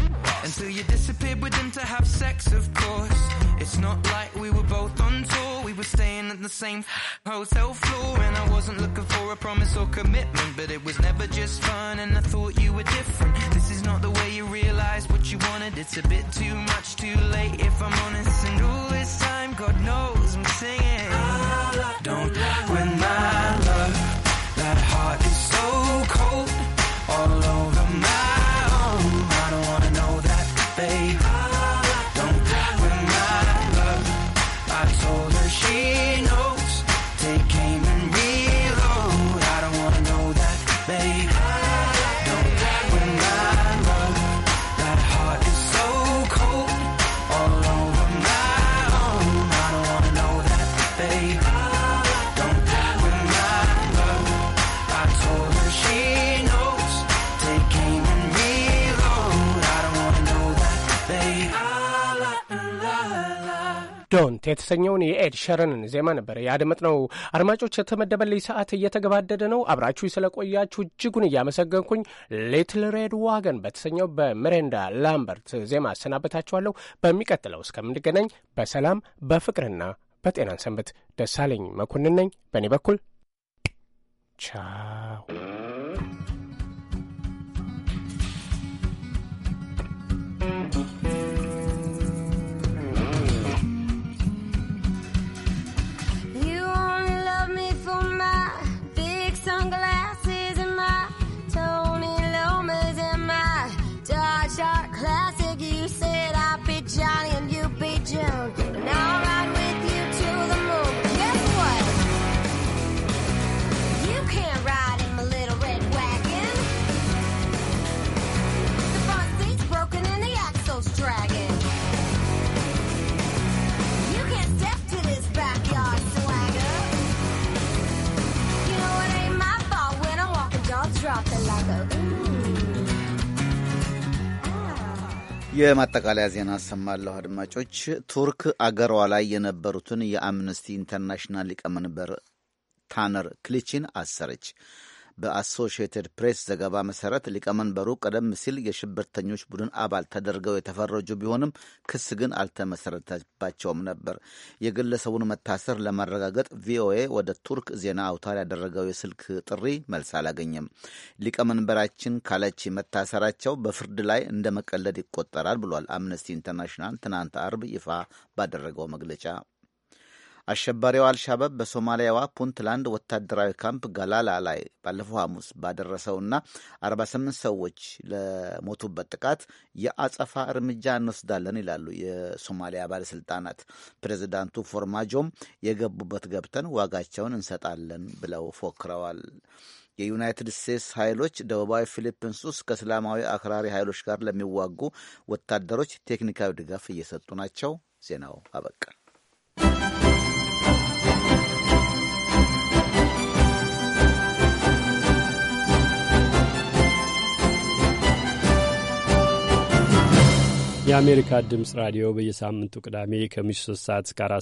S12: Until you disappeared with him to have sex, of course. It's not like we were both on tour. We were staying at the same hotel floor. And I wasn't looking for a promise or commitment. But it was never just fun and I thought you were different. This is not the way you realized what you wanted. It's a bit too much too late if I'm honest. And all this time, God knows I'm singing don't
S6: ዶንት የተሰኘውን የኤድ ሸረንን ዜማ ነበር ያደመጥነው። አድማጮች፣ የተመደበልኝ ሰዓት እየተገባደደ ነው። አብራችሁ ስለቆያችሁ እጅጉን እያመሰገንኩኝ ሊትል ሬድ ዋገን በተሰኘው በምሬንዳ ላምበርት ዜማ አሰናበታችኋለሁ። በሚቀጥለው እስከምንገናኝ በሰላም በፍቅርና በጤናን ሰንበት። ደሳለኝ መኮንን ነኝ። በእኔ በኩል
S13: ቻው።
S3: የማጠቃለያ ዜና አሰማለሁ አድማጮች። ቱርክ አገሯ ላይ የነበሩትን የአምነስቲ ኢንተርናሽናል ሊቀመንበር ታነር ክሊችን አሰረች። በአሶሽትድ ፕሬስ ዘገባ መሰረት ሊቀመንበሩ ቀደም ሲል የሽብርተኞች ቡድን አባል ተደርገው የተፈረጁ ቢሆንም ክስ ግን አልተመሰረተባቸውም ነበር። የግለሰቡን መታሰር ለማረጋገጥ ቪኦኤ ወደ ቱርክ ዜና አውታር ያደረገው የስልክ ጥሪ መልስ አላገኘም። ሊቀመንበራችን ካለቺ መታሰራቸው በፍርድ ላይ እንደ መቀለድ ይቆጠራል ብሏል አምነስቲ ኢንተርናሽናል ትናንት አርብ ይፋ ባደረገው መግለጫ አሸባሪው አልሻባብ በሶማሊያዋ ፑንትላንድ ወታደራዊ ካምፕ ጋላላ ላይ ባለፈው ሐሙስ ባደረሰውና 48 ሰዎች ለሞቱበት ጥቃት የአጸፋ እርምጃ እንወስዳለን ይላሉ የሶማሊያ ባለስልጣናት። ፕሬዚዳንቱ ፎርማጆም የገቡበት ገብተን ዋጋቸውን እንሰጣለን ብለው ፎክረዋል። የዩናይትድ ስቴትስ ኃይሎች ደቡባዊ ፊሊፒንስ ውስጥ ከእስላማዊ አክራሪ ኃይሎች ጋር ለሚዋጉ ወታደሮች ቴክኒካዊ ድጋፍ እየሰጡ ናቸው። ዜናው አበቃ።
S2: የአሜሪካ ድምፅ ራዲዮ በየሳምንቱ ቅዳሜ ከምሽቱ 3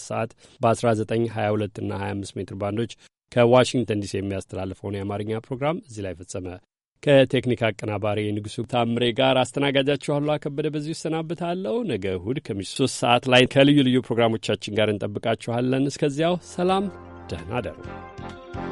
S2: ሰዓት እስከ 4 ሰዓት በ1922 እና 25 ሜትር ባንዶች ከዋሽንግተን ዲሲ የሚያስተላልፈውን የአማርኛ ፕሮግራም እዚህ ላይ ፈጸመ። ከቴክኒክ አቀናባሪ ንጉሱ ታምሬ ጋር አስተናጋጃችኋሉ አከበደ በዚሁ እሰናብታለሁ። ነገ እሁድ ከምሽቱ 3 ሰዓት ላይ ከልዩ ልዩ ፕሮግራሞቻችን ጋር እንጠብቃችኋለን። እስከዚያው ሰላም፣ ደህና ደሩ። Thank